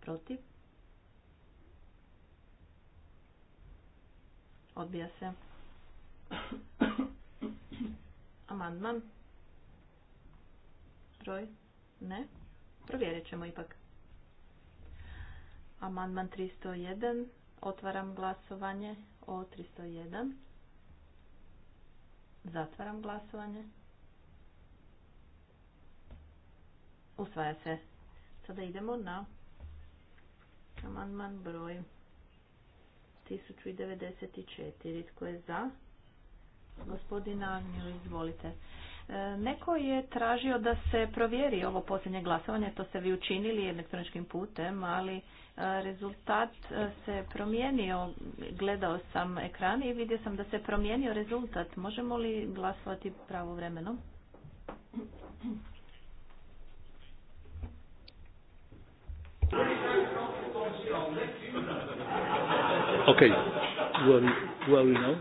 Protiv? Odbija se. Amandman. Broj? Ne. Provjerit ćemo ipak. Amandman 301. Otvaram glasovanje o 301. Zatvaram glasovanje. Usvaja se. Sada idemo na amandman broj 1094. Tko je za? Gospodina Arnjelu, izvolite. E, neko je tražio da se provjeri ovo posljednje glasovanje, to ste vi učinili elektroničkim putem, ali e, rezultat e, se promijenio. Gledao sam ekran i vidio sam da se promijenio rezultat. Možemo li glasovati pravovremeno? Okay. well,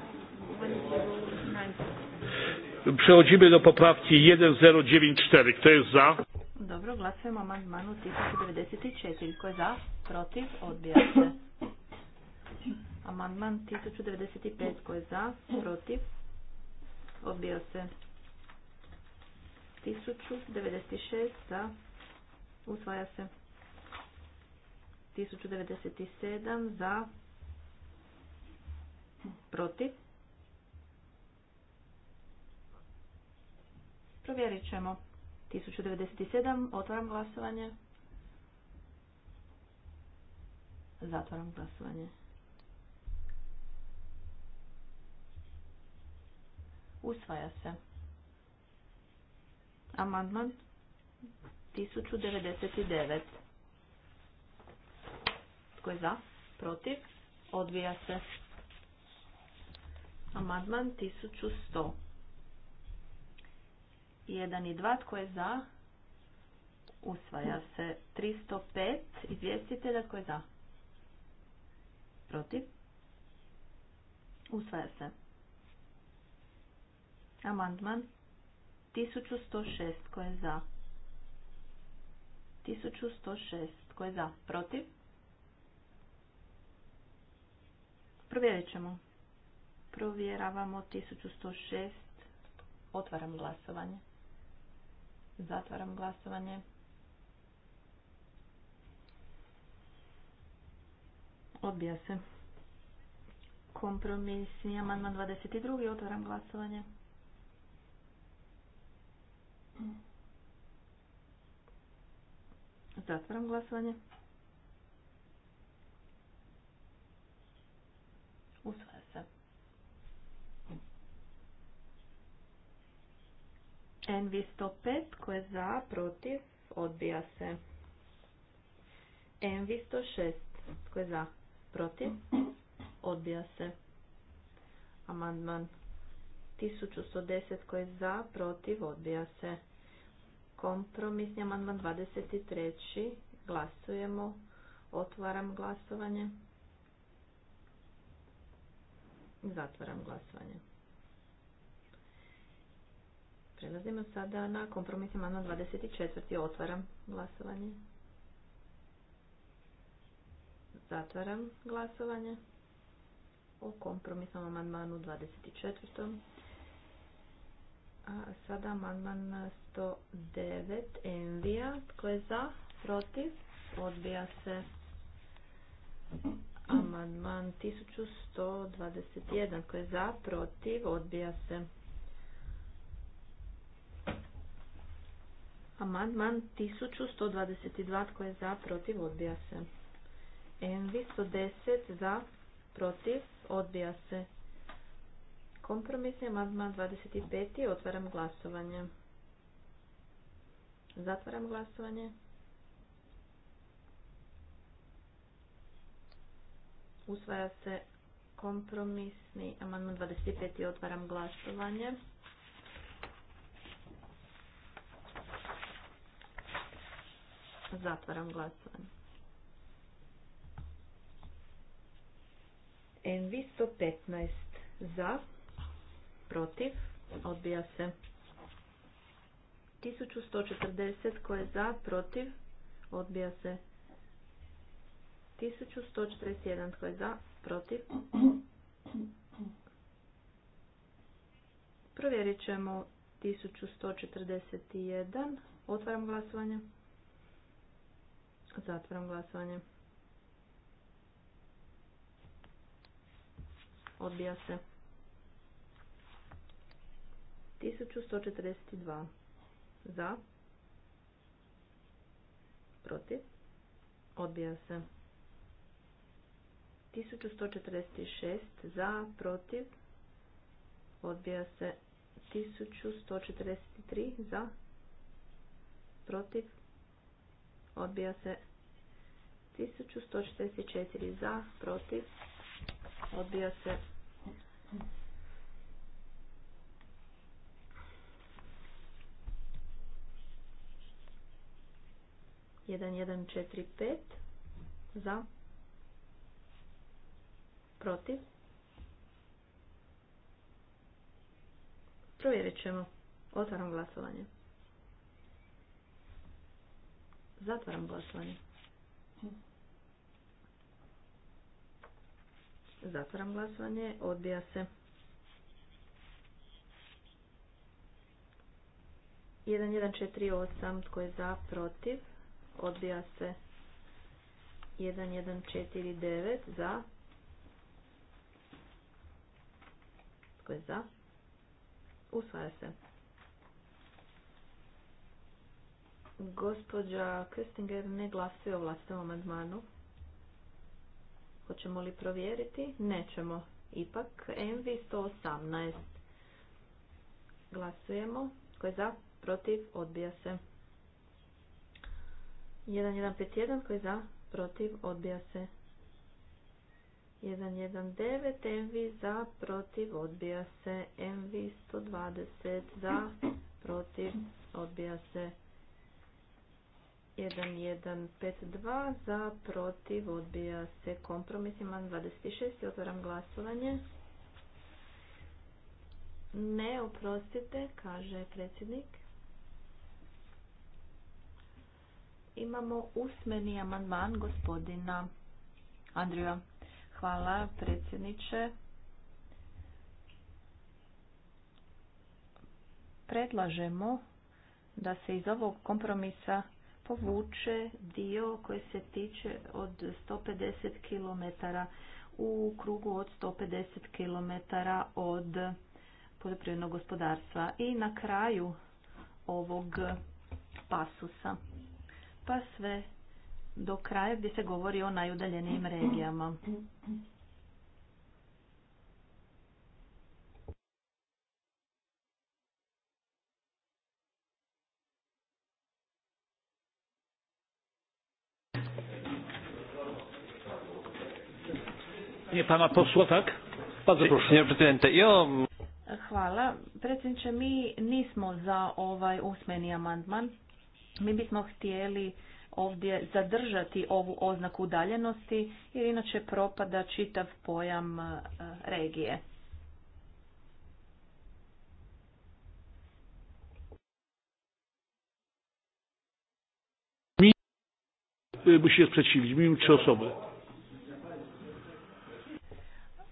Przechodzimy do poprawki 1094. Kto jest za? Dobro, glasujemo amandmanu 1094. Kto jest za? Protiv? Odbija se. Amandman 1095. Kto je za? Protiv? Odbija se. 1096. Za? Usvaja se. 1097. Za? Protiv? Provjerit ćemo. 1097. Otvaram glasovanje. Zatvaram glasovanje. Usvaja se. Amandman 1099. Tko je za? Protiv? Odvija se. Amandman 1100. Jedan i dva Tko je za? Usvaja se 305 izvjestitelja. Tko je za? Protiv? Usvaja se. Amandman 1106. Tko je za? 1106. Tko je za? Protiv? Provjerit ćemo. Provjeravamo 1106. Otvaram glasovanje. Zatvaram glasovanje. Odbija se. Kompromisni amandman 22. Otvaram glasovanje. Zatvaram glasovanje. Usvajam. NV105 koje je za, protiv, odbija se. NV106 koje je za, protiv, odbija se. Amandman 1110 koje je za, protiv, odbija se. Kompromisni amandman 23. Glasujemo. Otvaram glasovanje. Zatvaram glasovanje. Prelazimo sada na kompromis amandman 24. Otvaram glasovanje. Zatvaram glasovanje o kompromisnom amandmanu 24. A sada amandman 109 Envija. Tko je za? Protiv? Odbija se amandman 1121. Tko je za? Protiv? Odbija se Amandman 1122 tko je za, protiv, odbija se. Envi 110 za, protiv, odbija se. Kompromisni amandman 25. Otvaram glasovanje. Zatvaram glasovanje. Usvaja se kompromisni amandman 25. Otvaram glasovanje. Zatvaram glasovanje. NV 115 za, protiv, odbija se. 1140 koje za, protiv, odbija se. 1141 koje za, protiv. Provjerit ćemo 1141. Otvaram glasovanje. Zatvaram glasovanje. Odbija se. 1142. Za. Protiv. Odbija se. 1146. Za. Protiv. Odbija se. 1143. Za. Protiv odbija se 1144 za, protiv, odbija se 1145 za, protiv. Provjerit ćemo. Otvaram glasovanje. Zatvaram glasovanje. Zatvaram glasovanje. Odbija se. Jedan jedan osam. tko je za, protiv. Odbija se. Jedan devet za. Tko je za? Usvaja se. Gospođa Köstinger ne glasuje o vlastnom amandmanu. Hoćemo li provjeriti? Nećemo. Ipak, MV118. Glasujemo. Ko je za? Protiv? Odbija se. 1151. Ko je za? Protiv? Odbija se. 119. MV za? Protiv? Odbija se. MV120. Za? Protiv? Odbija se. 1152 za protiv odbija se kompromis ima 26 otvaram glasovanje ne oprostite kaže predsjednik imamo usmeni amandman gospodina Andrija hvala predsjedniče predlažemo da se iz ovog kompromisa povuče dio koji se tiče od 150 km u krugu od 150 km od poljoprivrednog gospodarstva. I na kraju ovog pasusa pa sve do kraja gdje se govori o najudaljenijim regijama. Hvala. Predsjedniče, mi nismo za ovaj usmeni amandman. Mi bismo htjeli ovdje zadržati ovu oznaku udaljenosti jer inače propada čitav pojam e, regije. Mi e, mi osobe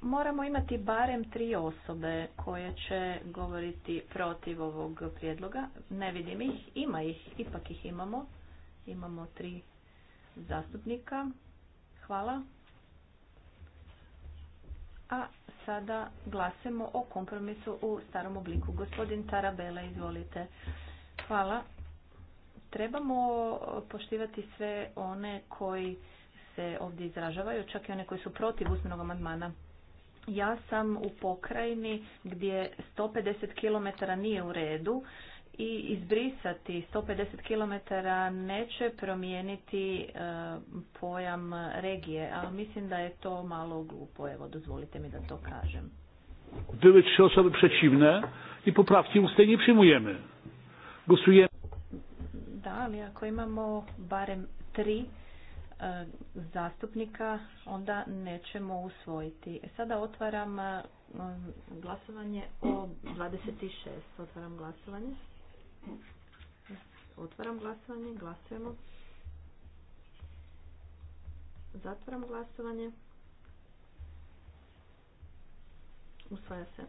moramo imati barem tri osobe koje će govoriti protiv ovog prijedloga. Ne vidim ih, ima ih, ipak ih imamo. Imamo tri zastupnika. Hvala. A sada glasemo o kompromisu u starom obliku. Gospodin Tarabela, izvolite. Hvala. Trebamo poštivati sve one koji se ovdje izražavaju, čak i one koji su protiv usmenog amandmana. Ja sam u pokrajini gdje 150 km nije u redu i izbrisati 150 km neće promijeniti e, pojam regije, a mislim da je to malo glupo, evo dozvolite mi da to kažem. Były trzy osoby przeciwne i poprawki ustnej nie przyjmujemy. Głosujemy. Da, ali ako imamo barem tri zastupnika onda nećemo usvojiti. E, sada otvaram e, glasovanje o 26. Otvaram glasovanje. Otvaram glasovanje, glasujemo. Zatvaram glasovanje. Usvaja se.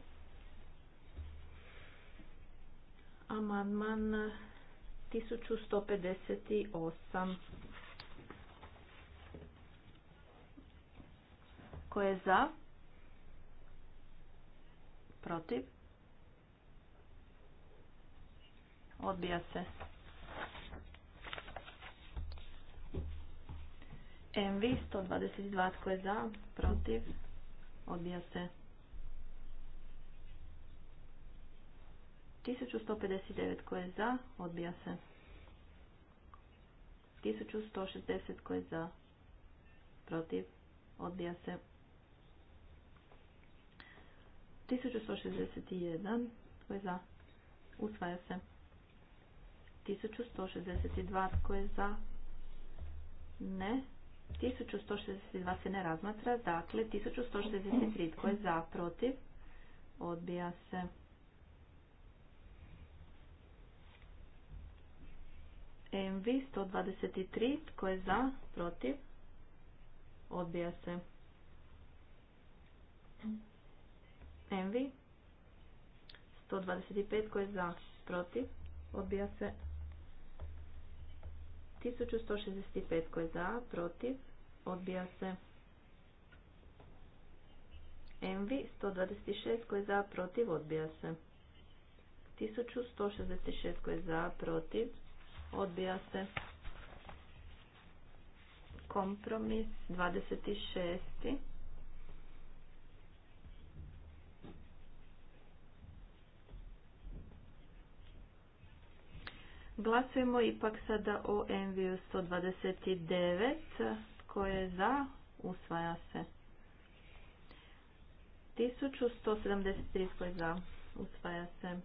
Amandman 1158. E, Tko je za? Protiv? Odbija se. MV 122. Tko je za? Protiv? Odbija se. 1159 koje je za, odbija se. 1160 koje je za, protiv, odbija se. 1161 tko je za usvaja se 1162 tko je za ne 1162 se ne razmatra dakle 1163 tko je za protiv odbija se MV 123 tko je za protiv odbija se Envi 125 koji je za protiv odbija se 1165 koji je za protiv odbija se Envi 126 koji je za protiv odbija se 1166 koji je za protiv odbija se kompromis 26 Glasujemo ipak sada o MVU 129. koje je za? Usvaja se. 1173 koje je za? Usvaja se.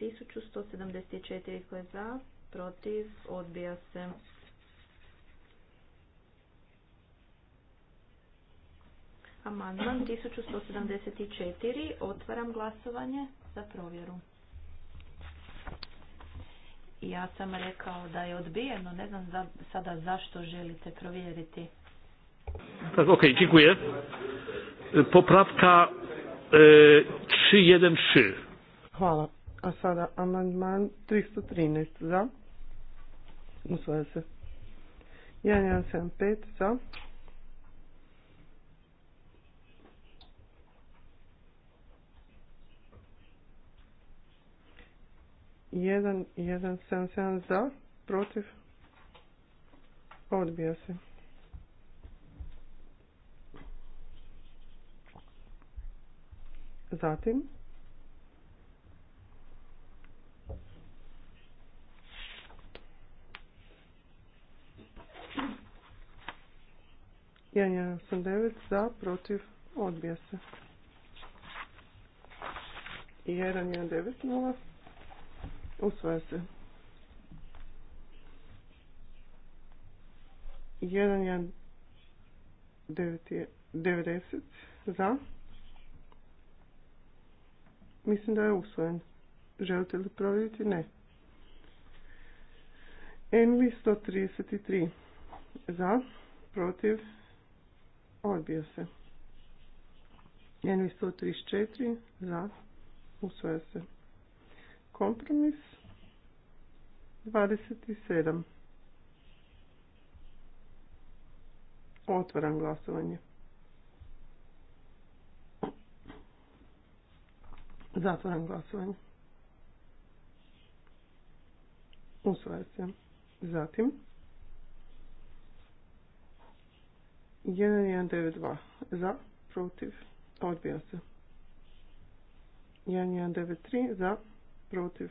1174 koje je za? Protiv? Odbija se. Amandman 1174. Otvaram glasovanje za provjeru. Ja sam rekao da je odbijeno, ne znam za, sada zašto želite provjeriti. Tak, ok, dziękuję. Popravka e, 313. Hvala. A sada amandman 313 za. Usvaja se. 1175 za. 1177 za, protiv, odbija se. Zatim, je ja sam devet za, protiv, odbija se. I jedan je devet nula. Usvaja se. 1, 1, 90 za. Mislim da je usvojen. Želite li provjeriti? Ne. Envi 133 za, protiv, odbija se. Envi 134 za, usvoja se kompromis 27. Otvaram glasovanje. Zatvaram glasovanje. Usvaja se. Zatim. 1192. Za. Protiv. Odbija se. 1193. Za protiv,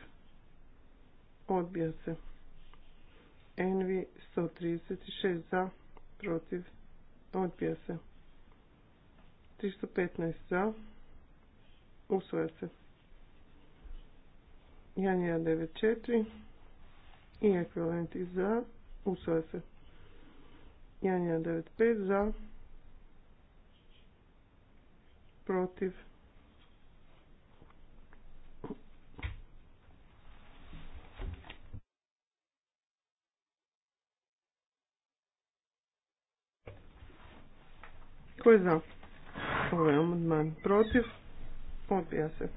odbija se. Envi 136 za, protiv, odbija se. 315 za, usvoja se. Janija 94 i ekvivalenti za, usvoja se. Janija 95 za, protiv, Tko je za ovaj amandman? Protiv? Odbija se.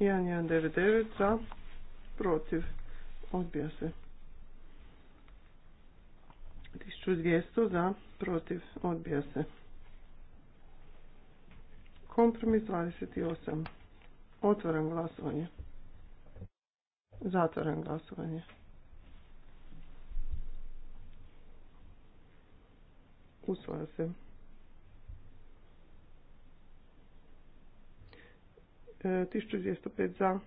1199 za, protiv, odbija se. 1200 za, protiv, odbija se. Kompromis 28. Otvaram glasovanje. Zatvaram glasovanje. Usvaja se. E, pet za.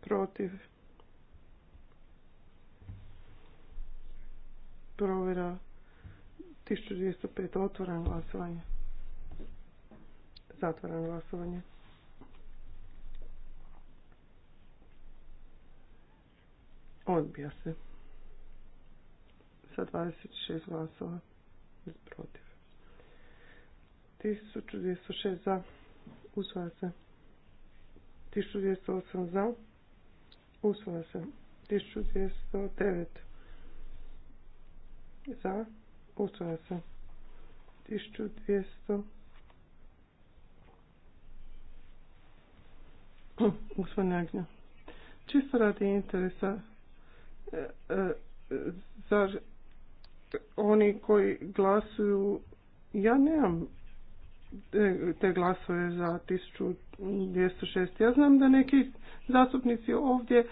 Protiv. Provjera 1205. Otvoran glasovanje. Zatvoran glasovanje. Odbija se sa 26 glasova protiv. 1206 za, usvaja se. 1208 za, usvaja se. 1209 za, usvaja se. 1200 usvaja Čisto radi interesa e, e, za oni koji glasuju, ja nemam e, te glasove za 1206. Ja znam da neki zastupnici ovdje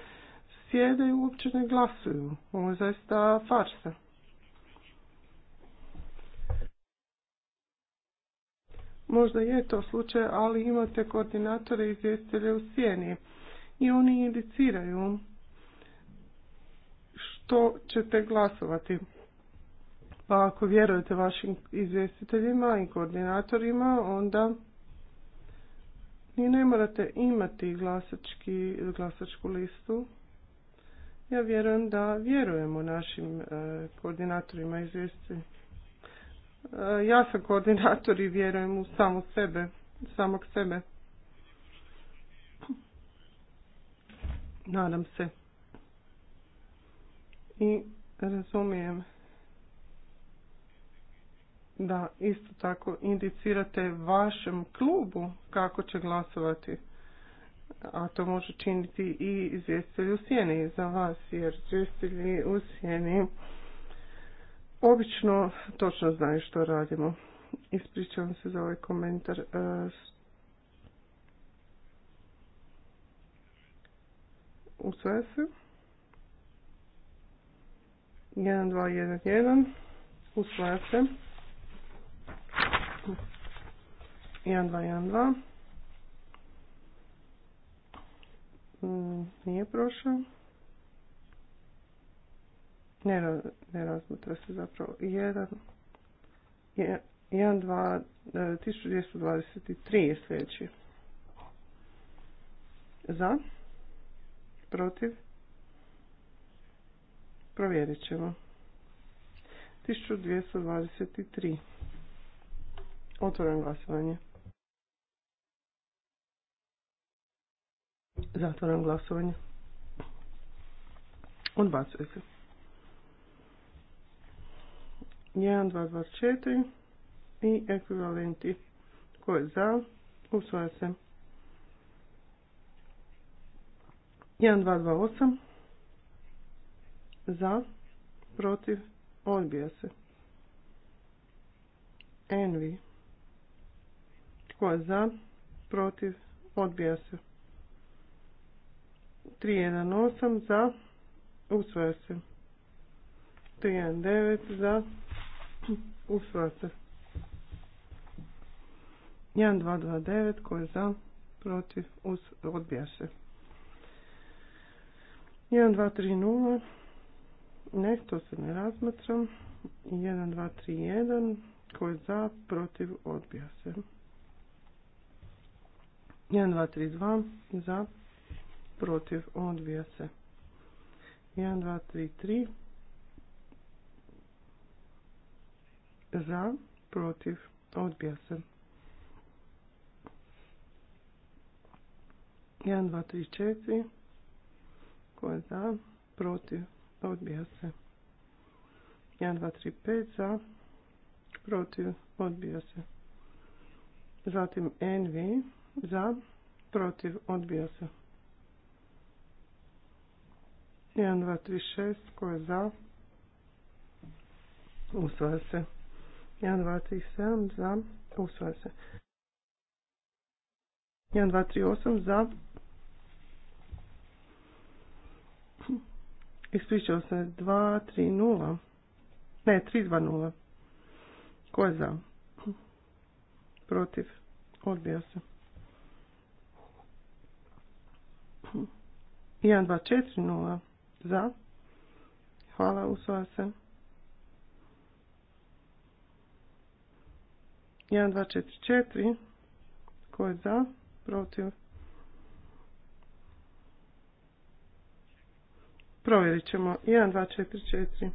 sjede i uopće ne glasuju. Ovo je zaista farsa. Možda je to slučaj, ali imate koordinatore izvjestitelje u sjeni i oni indiciraju što ćete glasovati. Pa ako vjerujete vašim izvjestiteljima i koordinatorima, onda ni ne morate imati glasački, glasačku listu. Ja vjerujem da vjerujemo našim e, koordinatorima izvjestiteljima. E, ja sam koordinator i vjerujem u samog sebe, samog sebe. Nadam se. I razumijem da isto tako indicirate vašem klubu kako će glasovati. A to može činiti i izvjestitelj u sjeni za vas, jer izvjestitelji u sjeni obično točno znaju što radimo. Ispričavam se za ovaj komentar. u se. 1, 2, 1, 1. Usvaja se. 1, 2, mm, Nije prošao. Ne, ne razmatra se zapravo. 1, 1, 2, 1223 je sljedeći. Za. Protiv. Provjerit ćemo. 1223. Otvoram glasovanje. Zatvoram glasovanje. Odbacuje se. 1, 2, 2, 4 i ekvivalenti. Ko je za? Usvaja se. 1, 2, 2, 8. Za. Protiv. Odbija se. Envi. Tko je za? Protiv? Odbija se. 318 za. Usvaja se. 319 za. Usvaja se. 1229 ko je za. Protiv? Odbija se. 1230 ne, to se ne razmatram. 1231 ko je za, protiv, odbija se. 1, 2, 3, 2 za, protiv, odbija se. 1, 2, 3, 3 za, protiv, odbija se. 1, 2, 3, 4 ko je za, protiv, odbija se. 1, 2, 3, 5 za, protiv, odbija se. Zatim NV za, protiv, odbija se. 1, 2, 3, 6, ko je za, usvaja se. 1, 2, 3, 7, za, usvaja se. 1, 2, 3, 8, za, ispričao se 2, 3, 0, ne, 3, 2, 0, ko je za, protiv, odbija se. 1240 za. Hvala, usvaja se. 1244 ko je za, protiv. Provjerit ćemo 1244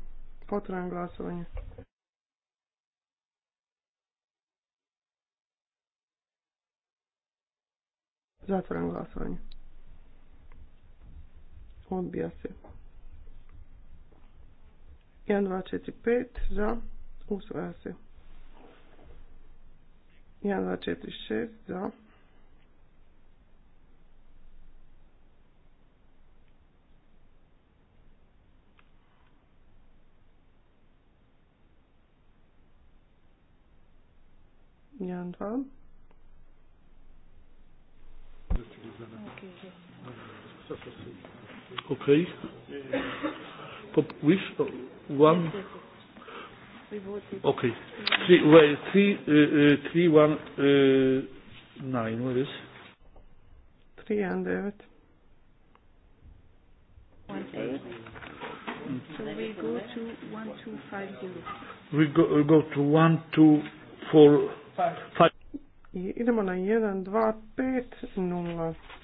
potrebno glasovanje. Zatvoram glasovanje odbija se. 1, 2, 4, za, usvaja se. 1, 2, 4, za, Okay. Pop, which one? Okay. Three, three, uh, uh, three, one, uh, nine, what is? Three and One So we go to two, five, We go, we go to one, two, four, five. five. I idemo na 1, 2,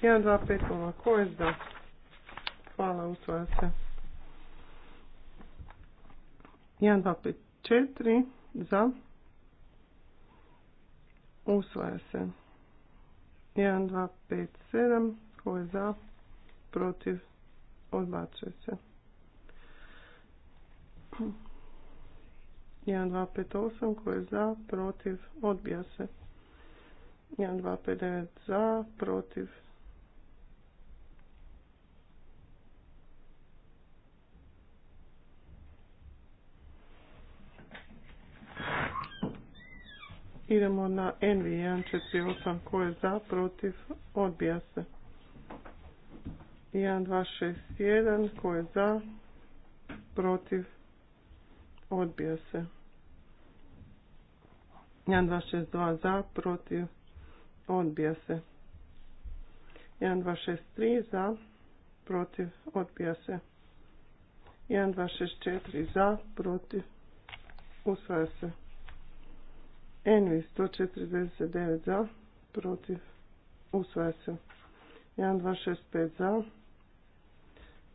5, je Hvala, usvaja se. 1, 2, 5, 4 za. Usvaja se. 1, 2, 5, 7. Ko je za? Protiv? Odbačuje se. 1, 2, 5, 8. Ko je za? Protiv? Odbija se. 1, 2, 5, 9 za. Protiv? Idemo na NV148 ko je za, protiv, odbija se. 1261 ko je za, protiv, odbija se. 1262 za, protiv, odbija se. 1263 za, protiv, odbija se. 1264 za, protiv, usvaja se. Envi 149 za, protiv, usvaja se. 1265 za,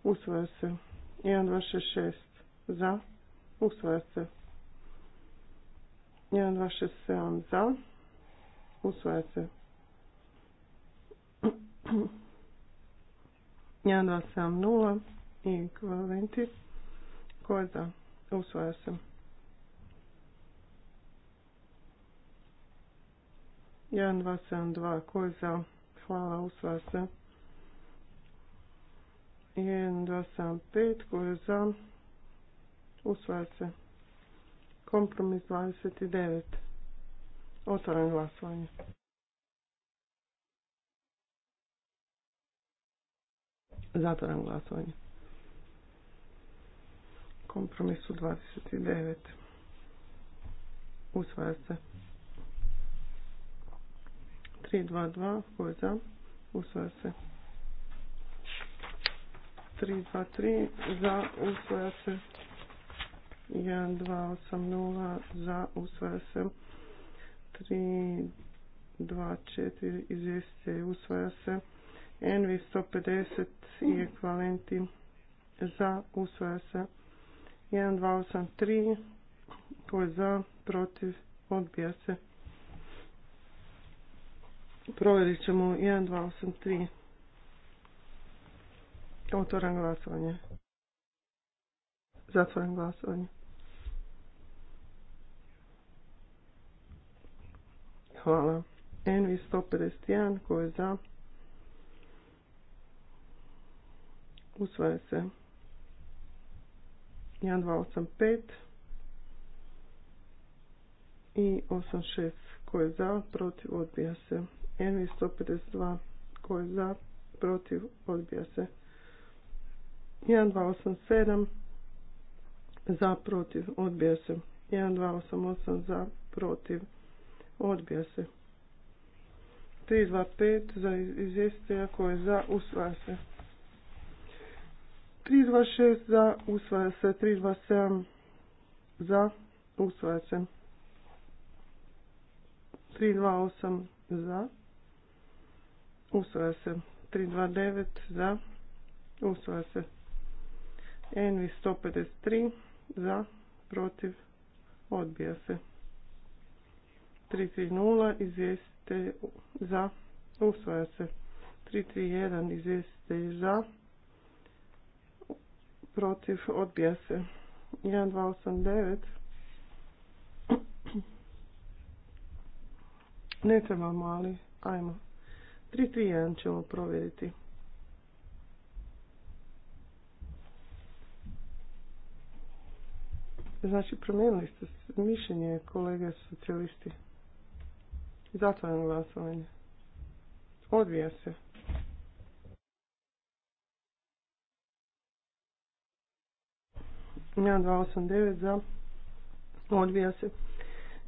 usvaja se. 1266 za, usvaja se. 1267 za, usvaja se. 1270 i ekvivalenti. Ko je za? Usvaja se. 1272 koza, za hvala usvaja se 1275 koza, je za se kompromis 29 Otvoren glasovanje Zatvoren glasovanje kompromisu 29 usvaja se 322 ko je za, usvaja se. 323 za, usvaja se. 1280 za, usvaja se. 324 izvjestite, usvaja se. NV 150 i ekvalenti za, usvaja se. 1283 koji je za, protiv, odbija se. Provjerit ćemo 1283. Otvoran glasovanje. Zatvoran glasovanje. Hvala. Envi 151 tko je za. Usvaja se. 1285 i 86 tko je za, protiv, odbija se. 152 koji je za, protiv, odbija se. 1287 za, protiv, odbija se. 1288 za, protiv, odbija se. 325 za izvjestitelja koji je za, usvaja se. 326 za, usvaja se. 327 za, usvaja se. 328 za, Usvaja se. 329 za. Usvaja se. Envi 153 za. Protiv. Odbija se. 330 izvijestite za. Usvaja se. 331 izvijestite za. Protiv. Odbija se. 1289 ne trebamo, ali ajmo. 331 ćemo provjeriti. Znači, promijenili ste mišljenje kolege socijalisti. Zatvaram glasovanje. Odvija se. Ja 289 za. Odvija se.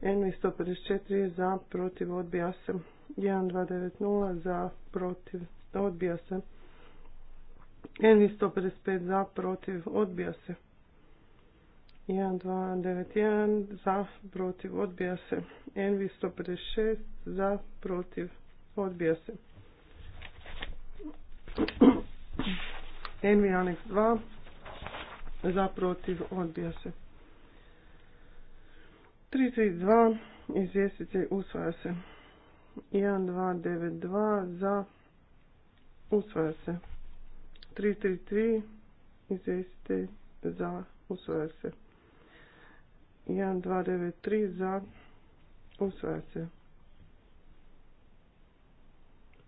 N154 za. Protiv odbija se. 1290 za protiv odbija se. n 155 za protiv odbija se. 1291 za protiv odbija se. n 156 za protiv odbija se. Envi aneks 2 za protiv odbija se. 332 izvjestitelj usvaja se. 1292 za usvaja se. 333 izvijestite za usvaja se. 1293 za usvaja se.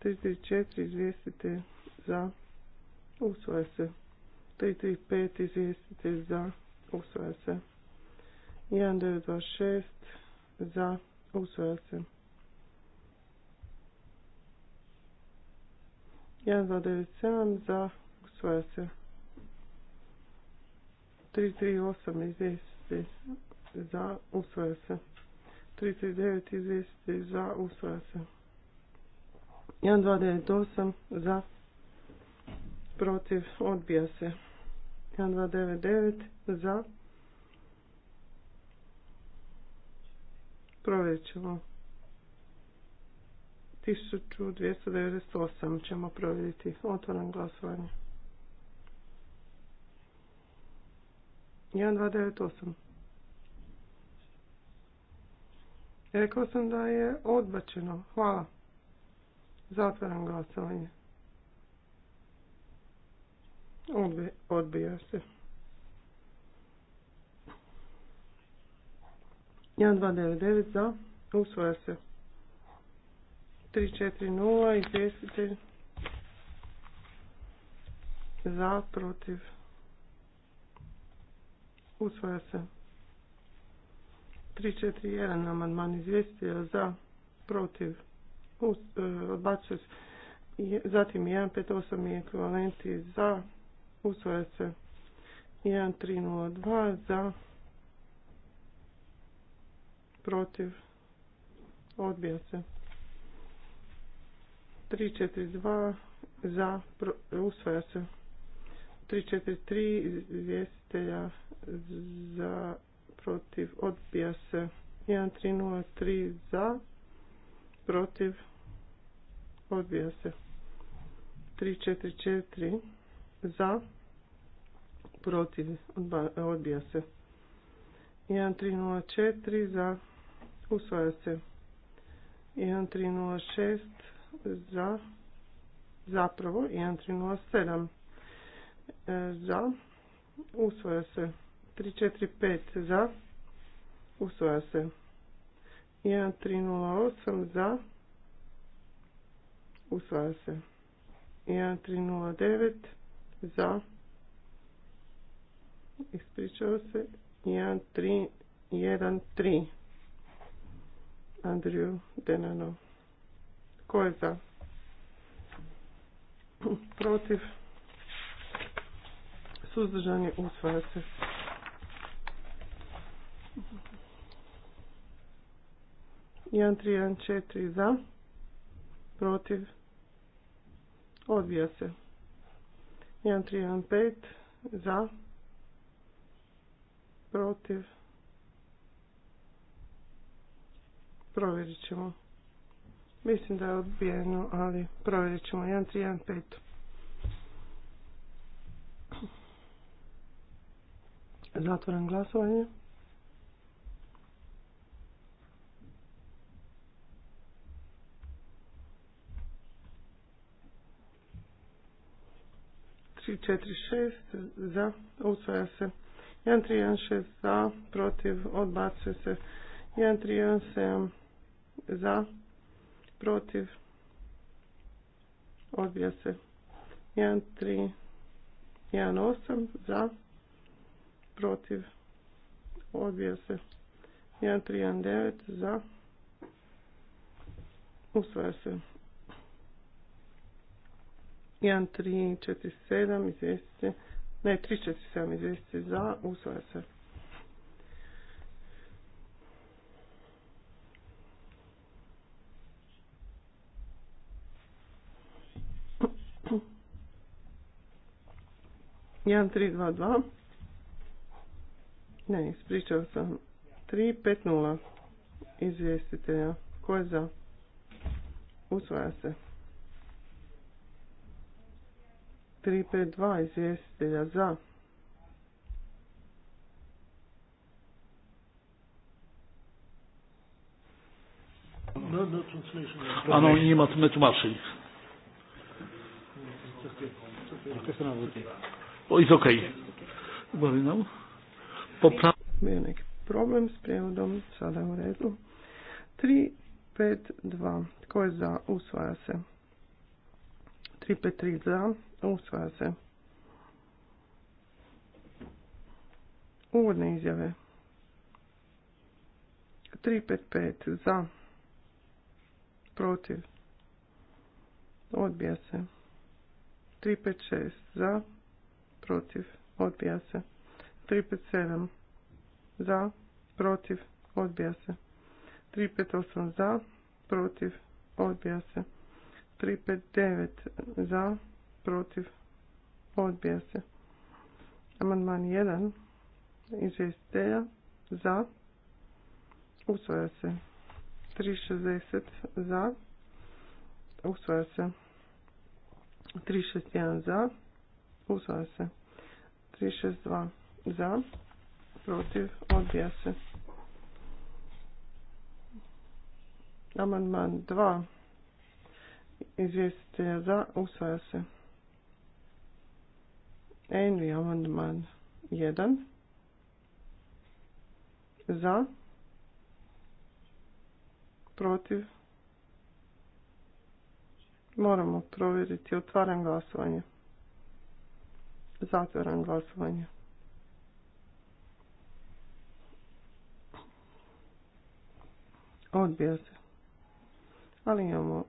334 izvijestite za usvaja se. 335 izvijestite za usvaja se. 1926 za usvaja se. 1.297 za usvaja se. 338 izvijesti za usvoja se. devet izvijesti za usvoja se. 1298 za protiv odbija se. 1299 za provjerit ćemo. 1298 ćemo provjeriti. Otvoram glasovanje. 1298. Rekao sam da je odbačeno. Hvala. Zatvaram glasovanje. Odbija, se. 1299 za. Usvoja se. 340 izvjestitelj za, protiv usvoja se 341 amandman izvjestitelja za, protiv e, odbacuje se zatim 158 je ekvivalenti za usvaja se 1302 za protiv odbija se 342 za, usvaja se. 343 izvjestitelja za, protiv, odbija se. 1303 za, protiv, odbija se. 344 za, protiv, odbija se. 1304 za, usvaja se. 1306 za zapravo 1307 e, za usvoja se 345 za usvoja se 1308 za usvoja se 1309 za ispričava se 1313 Andrew Denano tko je za? Protiv? Suzdržani usvaja se. Jedan, tri, četiri za. Protiv? Odbija se. pet za protiv provjerit ćemo Mislim da je odbijeno, ali provjerit ćemo. 1, 3, 1, glasovanje. Tri, četiri, šest, za, usvaja se. jedan tri 1, za, protiv, odbacuje se. jedan 3, 1, za, protiv, odbija se 1, 3, 1, za, protiv, odbija se 1, 3, 1, za, usvaja se 1, 3, 4, 7, izvjestite, ne, 3, 4, 7, za, usvaja se 1322. Ne, ispričao sam. 350 izvjestitelja. Ko je za? Usvaja se. 352 izvjestitelja za. Ano, nie ma tłumaczeń. Kto chce na iz okay. Well, no. Popra... Bio neki problem s prijevodom, sada je u redu. 3, 5, 2. Tko je za? Usvaja se. 3, 5, 3 za. Usvaja se. Uvodne izjave. 3, 5, 5 za, protiv, odbija se. 3, 5, 6 za, protiv, odbija se. 357 za, protiv, odbija se. 358 za, protiv, odbija se. 359 za, protiv, odbija se. Amandman 1 izvjestitelja za, usvaja se. 360 za, usvaja se. 361 za, usvaja se. 362 za, protiv, odbija se. Amandman 2 izvjestitelja za, usvaja se. Envi amandman 1 za, protiv, moramo provjeriti, otvaram glasovanje. Zatvoram glasovanje. Odbija se. Ali imamo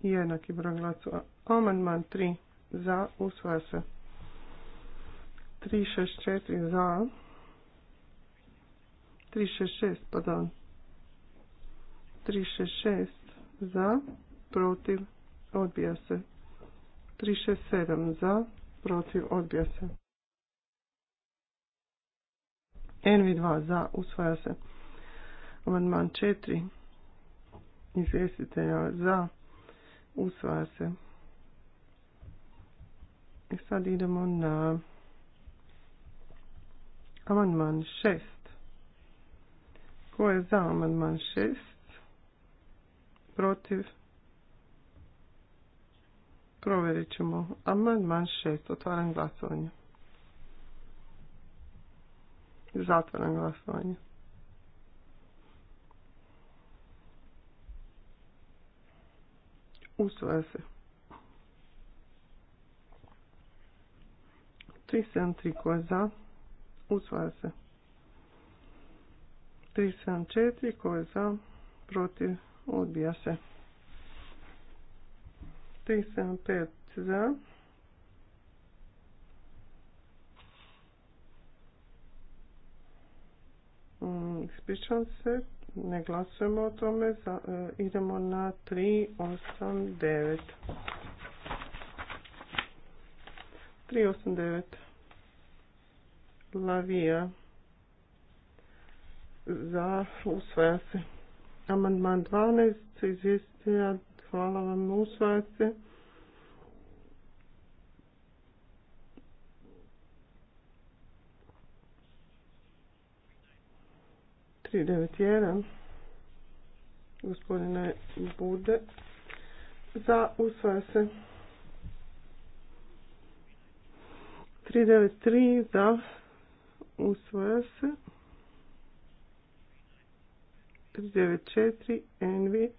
jednaki broj glasova. Amandman 3 za, usvaja se. 364 za. 366, pardon. 366 za, protiv, odbija se. 367 za, protiv, odbija se. NV2 za, usvaja se. Amandman 4 izvjestitelja za, usvaja se. I sad idemo na amandman 6. Ko je za amandman 6? Protiv? Provjerit ćemo. Amandman 6. Otvaram glasovanje. Zatvaram glasovanje. Usvaja se. 373 ko je za? Usvaja se. 374 ko je za? Protiv? Odbija se. 375 za. Mm, ispričavam se, ne glasujemo o tome, e, idemo na 389. 389. Lavija. Za, usvaja se. Amandman 12, izvjestitelja Hvala vam, usvaja se. Tri devet jedan gospodine Bude za usvaja se 393 za usvaja se 394 envi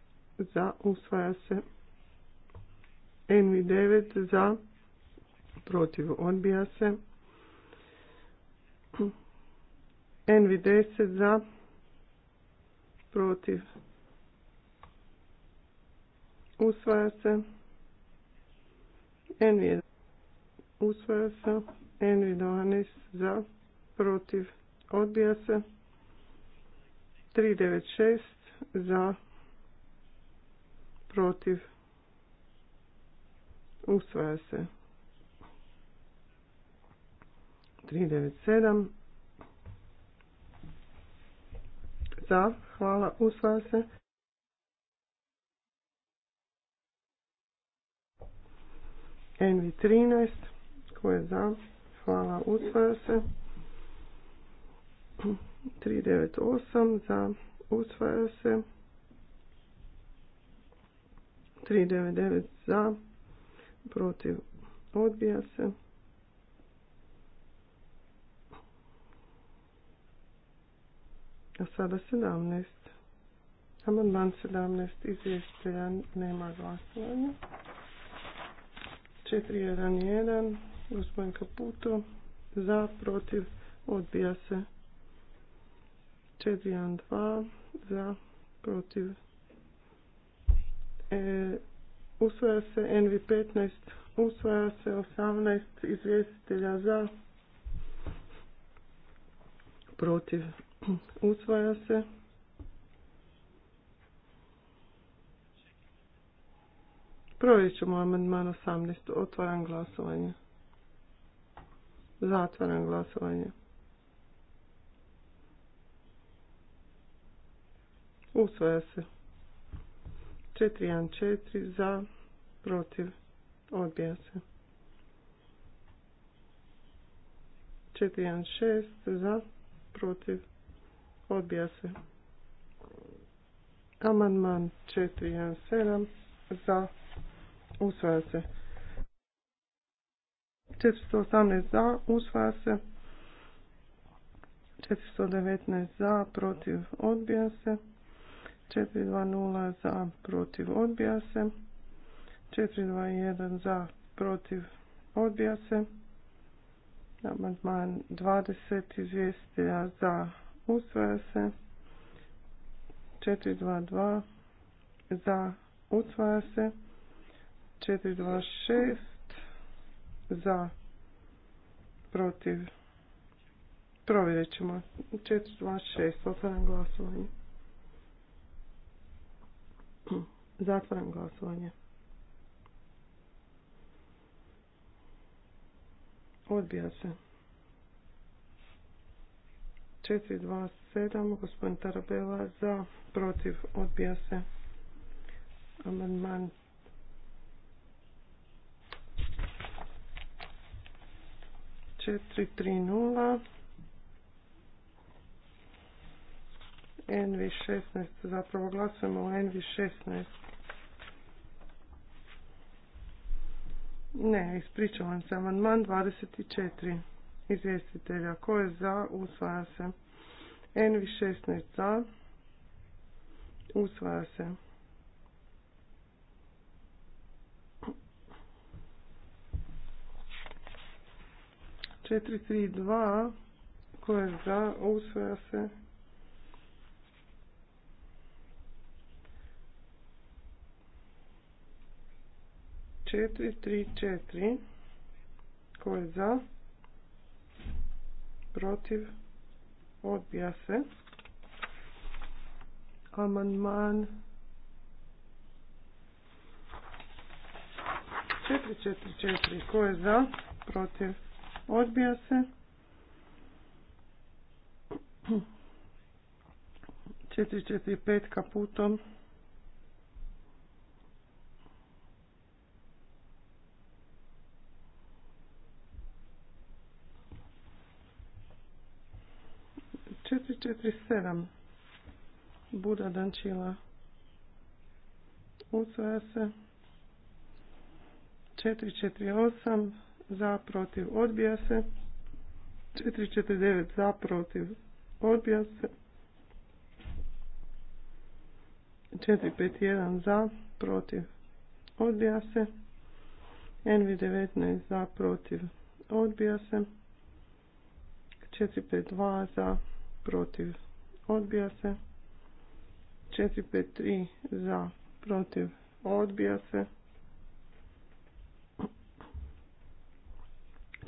za, usvaja se. NV9 za, protiv, odbija se. NV10 za, protiv, usvaja se. NV11 usvaja se. NV12 za, protiv, odbija se. 396 za, protiv, usvaja se. 397 za, hvala, usvaja se. NV13, ko je za, hvala, usvaja se. 398 za, usvaja se. 399 za, protiv, odbija se. A sada 17. Amandman 17 izvještelja nema glasovanja. 411 gospodin Kaputo za, protiv, odbija se. 412 za, protiv, odbija se. E, usvaja se NV15, usvaja se 18 izvjestitelja za, protiv, usvaja se. Provjet ćemo amandman 18. Otvaram glasovanje. Zatvaram glasovanje. Usvaja se. 414 za, protiv, odbija se. 416 za, protiv, odbija se. Amandman 417 za, usvaja se. 418 za, usvaja se. 419 za, protiv, odbija se. 420 za protiv odbija se. 421 za protiv odbija se. Amandman 20 izvijestija za usvaja se. 422 za usvaja se. 426 za protiv provjerit ćemo 426 otvaram glasovanje Zatvaram glasovanje. Odbija se. 427, gospodin Tarabela za, protiv, odbija se. Amandman nula NV16, zapravo glasujemo o NV16. Ne, ispričavam se. Amandman 24. Izvjestitelja. Ko je za? Usvaja se. Envi, 16 za. Usvaja se. Četiri, tri, dva, koje za, usvaja se. 4, 3, 4. Ko je za? Protiv? Odbija se. Amandman 4, 4, 4. Ko je za? Protiv? Odbija se. 4, 4, 5 kaputom. 347 Buda Dančila. Usvaja se. 448. Za, protiv, odbija se. 449. Za, protiv, odbija se. 451. Za, protiv, odbija se. NV19 za protiv odbija se. 452 za protiv, odbija se. 453 za, protiv, odbija se.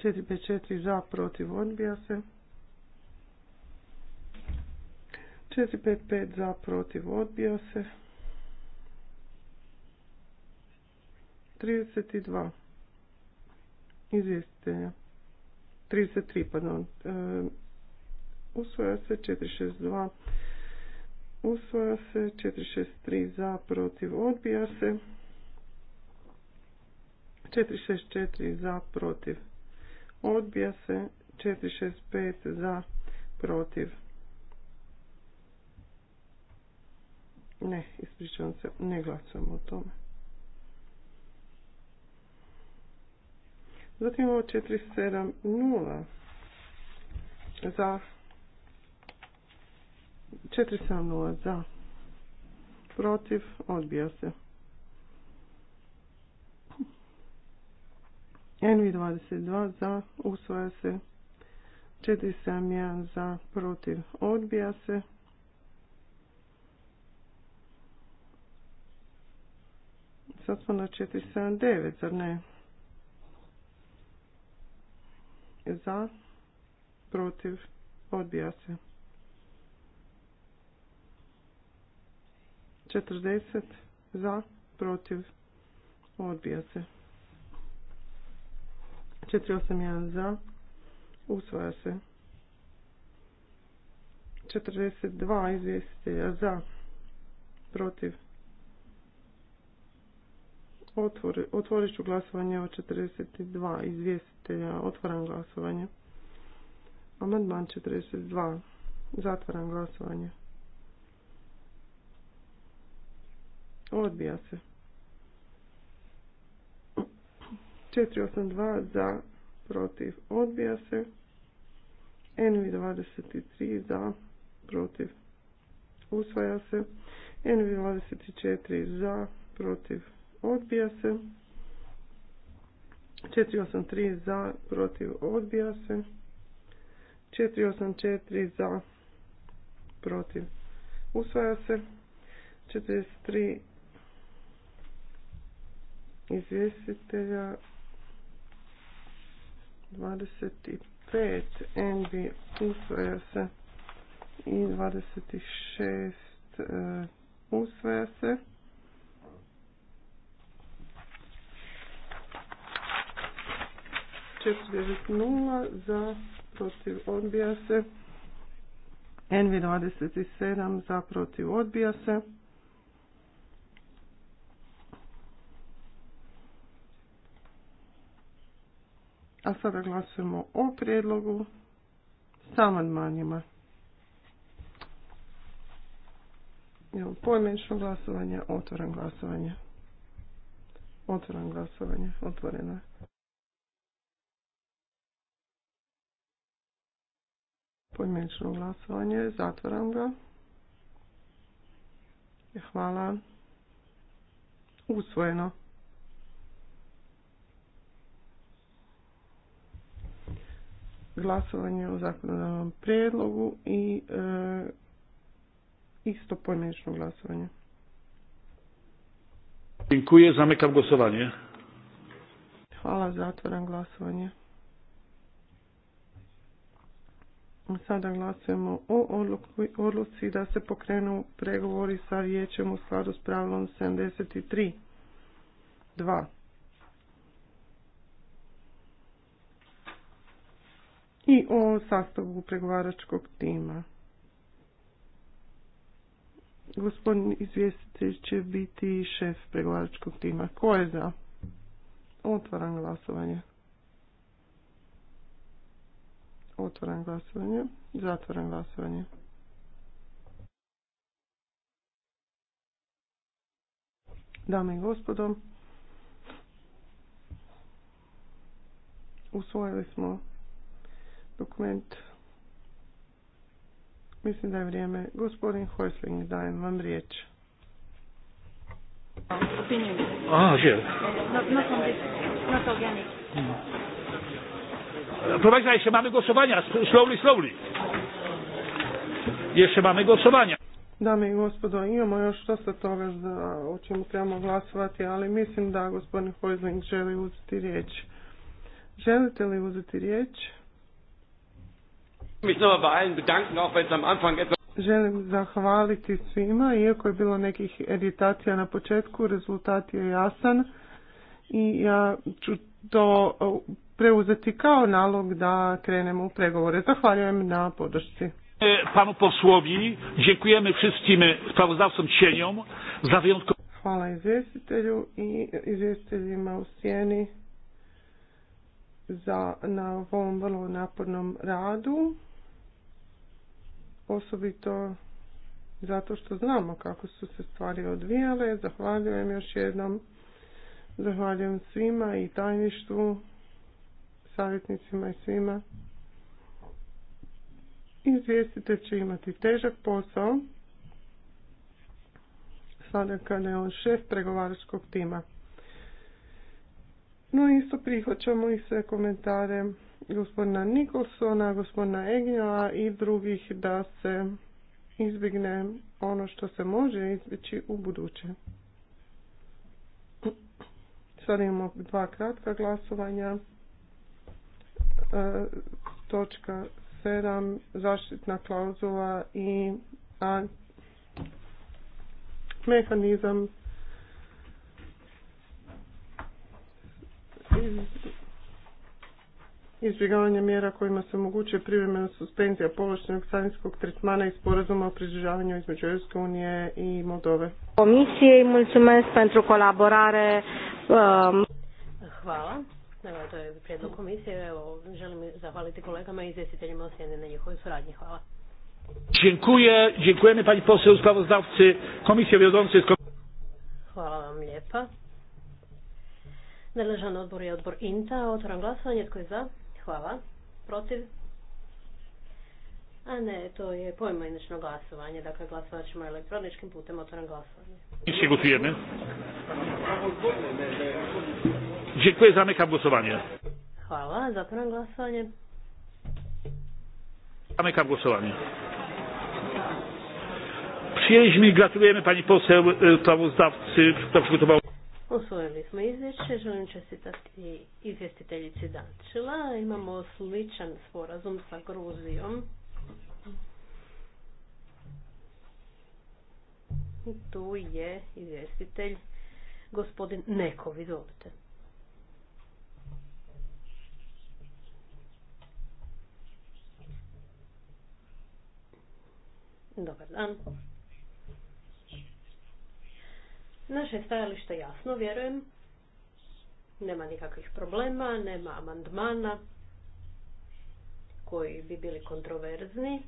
454 za, protiv, odbija se. 455 za, protiv, odbija se. 32 izvjestitelja. 33, pardon. E, Usvoja se 462 Usvoja se 463 za protiv odbija se 464 za protiv odbija se 465 za protiv ne ispričavam se ne glasujemo o tome zatim ovo 470 za 470 za. Protiv. Odbija se. NV22 za. Usvaja se. 471 za. Protiv. Odbija se. Sad smo na 479, zar ne? Za. Protiv. Odbija se. 40 za, protiv, odbija se. 481 za, usvaja se. 42 izvjestitelja za, protiv. otvorit ću glasovanje o 42 izvjestitelja. Otvaram glasovanje. Amandman 42. Zatvaram glasovanje. Odbija se. 482 za, protiv, odbija se. NV23 za, protiv, usvaja se. NV24 za, protiv, odbija se. 483 za, protiv, odbija se. 484 za, protiv, usvaja se. 43 izvjestitelja 25 NB usvaja se i 26 e, usvaja se. nula za protiv odbija se. NV27 za protiv odbija se. A sada glasujemo o prijedlogu s amandmanima. Imamo pojmenično glasovanje, otvoren glasovanje. Otvoren glasovanje, otvoreno je. Pojmenično glasovanje, zatvaram ga. Hvala. Usvojeno. glasovanje o zakonodavnom prijedlogu i e, isto pojedinačno glasovanje. Dziękuję, zamykam głosowanie. Hvala, zatvoram glasovanje. Sada glasujemo o odluci da se pokrenu pregovori sa vijećem u skladu s pravilom 73. 2. i o sastavu pregovaračkog tima. Gospodin izvjestitelj će biti šef pregovaračkog tima. Ko je za? Otvaram glasovanje. Otvaram glasovanje. Zatvaram glasovanje. Dame i gospodo, usvojili smo dokument. Mislim da je vrijeme. Gospodin Hojsling, dajem vam riječ. A, žel. Proszę Państwa, jeszcze mamy głosowania. Slowly, slowly. Jeszcze mamy Dame i gospodo, imamo još dosta toga za, o čemu trebamo glasovati, ali mislim da gospodin Hojsling želi uzeti riječ. Želite li uzeti riječ? Želim zahvaliti svima, iako je bilo nekih editacija na početku, rezultat je jasan i ja ću to e, preuzeti kao nalog da krenemo u pregovore. Zahvaljujem na podršci. E, panu posłowi, dziękujemy wszystkim sprawozdawcom cieniom za wyjątkowo... Hvala izvjestitelju i izvjestiteljima u sjeni za na ovom vrlo napornom radu osobito zato što znamo kako su se stvari odvijale. Zahvaljujem još jednom. Zahvaljujem svima i tajništvu, savjetnicima i svima. Izvijestite će imati težak posao sada kada je on šest pregovaračkog tima. No isto prihvaćamo i sve komentare gospodina Nikolsona, gospodina Egnjala i drugih da se izbjegne ono što se može izbjeći u buduće. Sada imamo dva kratka glasovanja. E, točka 7. Zaštitna klauzula i a, mehanizam izbjegavanje mjera kojima se omogućuje privremena suspenzija povlaštenog sanjskog tretmana i sporazuma o približavanju između Europske unije i Moldove. Komisije i mulțumesc pentru kolaborare. Um, Hvala. Evo, to je prijedlog komisije. Evo, želim zahvaliti kolegama i izvjestiteljima osjene na njihovoj suradnji. Hvala. Dziękuję. Dziękujemy pani poseł sprawozdawcy Komisji Wiodącej. Hvala vam lijepa. Nadležan odbor je odbor INTA. Otvoram glasovanje. Tko je za? Hvala. Protiv? A ne, to je inačno glasovanje, dakle glasovat ćemo elektroničkim putem otvoren glasovanje. vjerne. głosujemy? Dziękuję, zamykam głosowanie. Hvala, zatvoram glasovanje. Zamykam głosowanie. Przyjęliśmy i gratulujemy pani poseł e, sprawozdawcy, kto przygotował. Usvojili smo izvješće, želim čestitati izvjestiteljici Dančila. Imamo sličan sporazum sa Gruzijom. Tu je izvjestitelj gospodin Nekov, izvolite. Dobar dan. Naše stajalište jasno, vjerujem. Nema nikakvih problema, nema amandmana koji bi bili kontroverzni.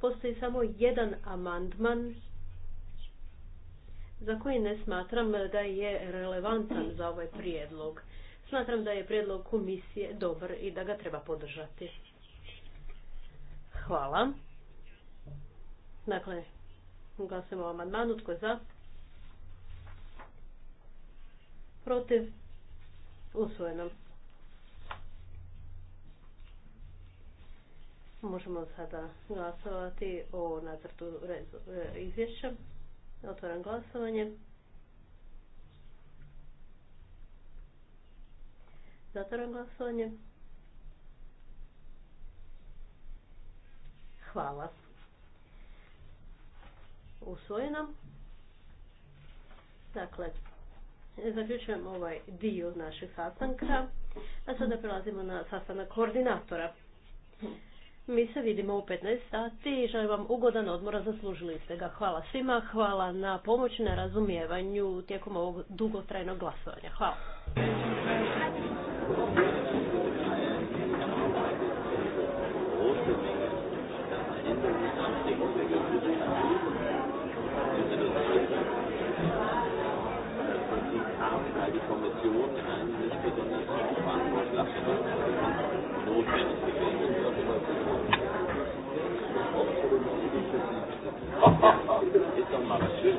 Postoji samo jedan amandman za koji ne smatram da je relevantan za ovaj prijedlog. Smatram da je prijedlog komisije dobar i da ga treba podržati. Hvala. Dakle, glasujemo o amandmanu. Tko je za? protiv, usvojeno. Možemo sada glasovati o nacrtu e, izvješća. Otvaram glasovanje. Zatvoram glasovanje. Hvala. Usvojeno. Dakle, Zaključujem ovaj dio našeg sastanka, a sada prelazimo na sastanak koordinatora. Mi se vidimo u 15 sati i želim vam ugodan odmora, zaslužili ste ga. Hvala svima, hvala na pomoć na razumijevanju tijekom ovog dugotrajnog glasovanja. Hvala.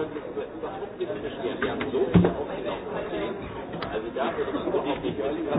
Also da würde man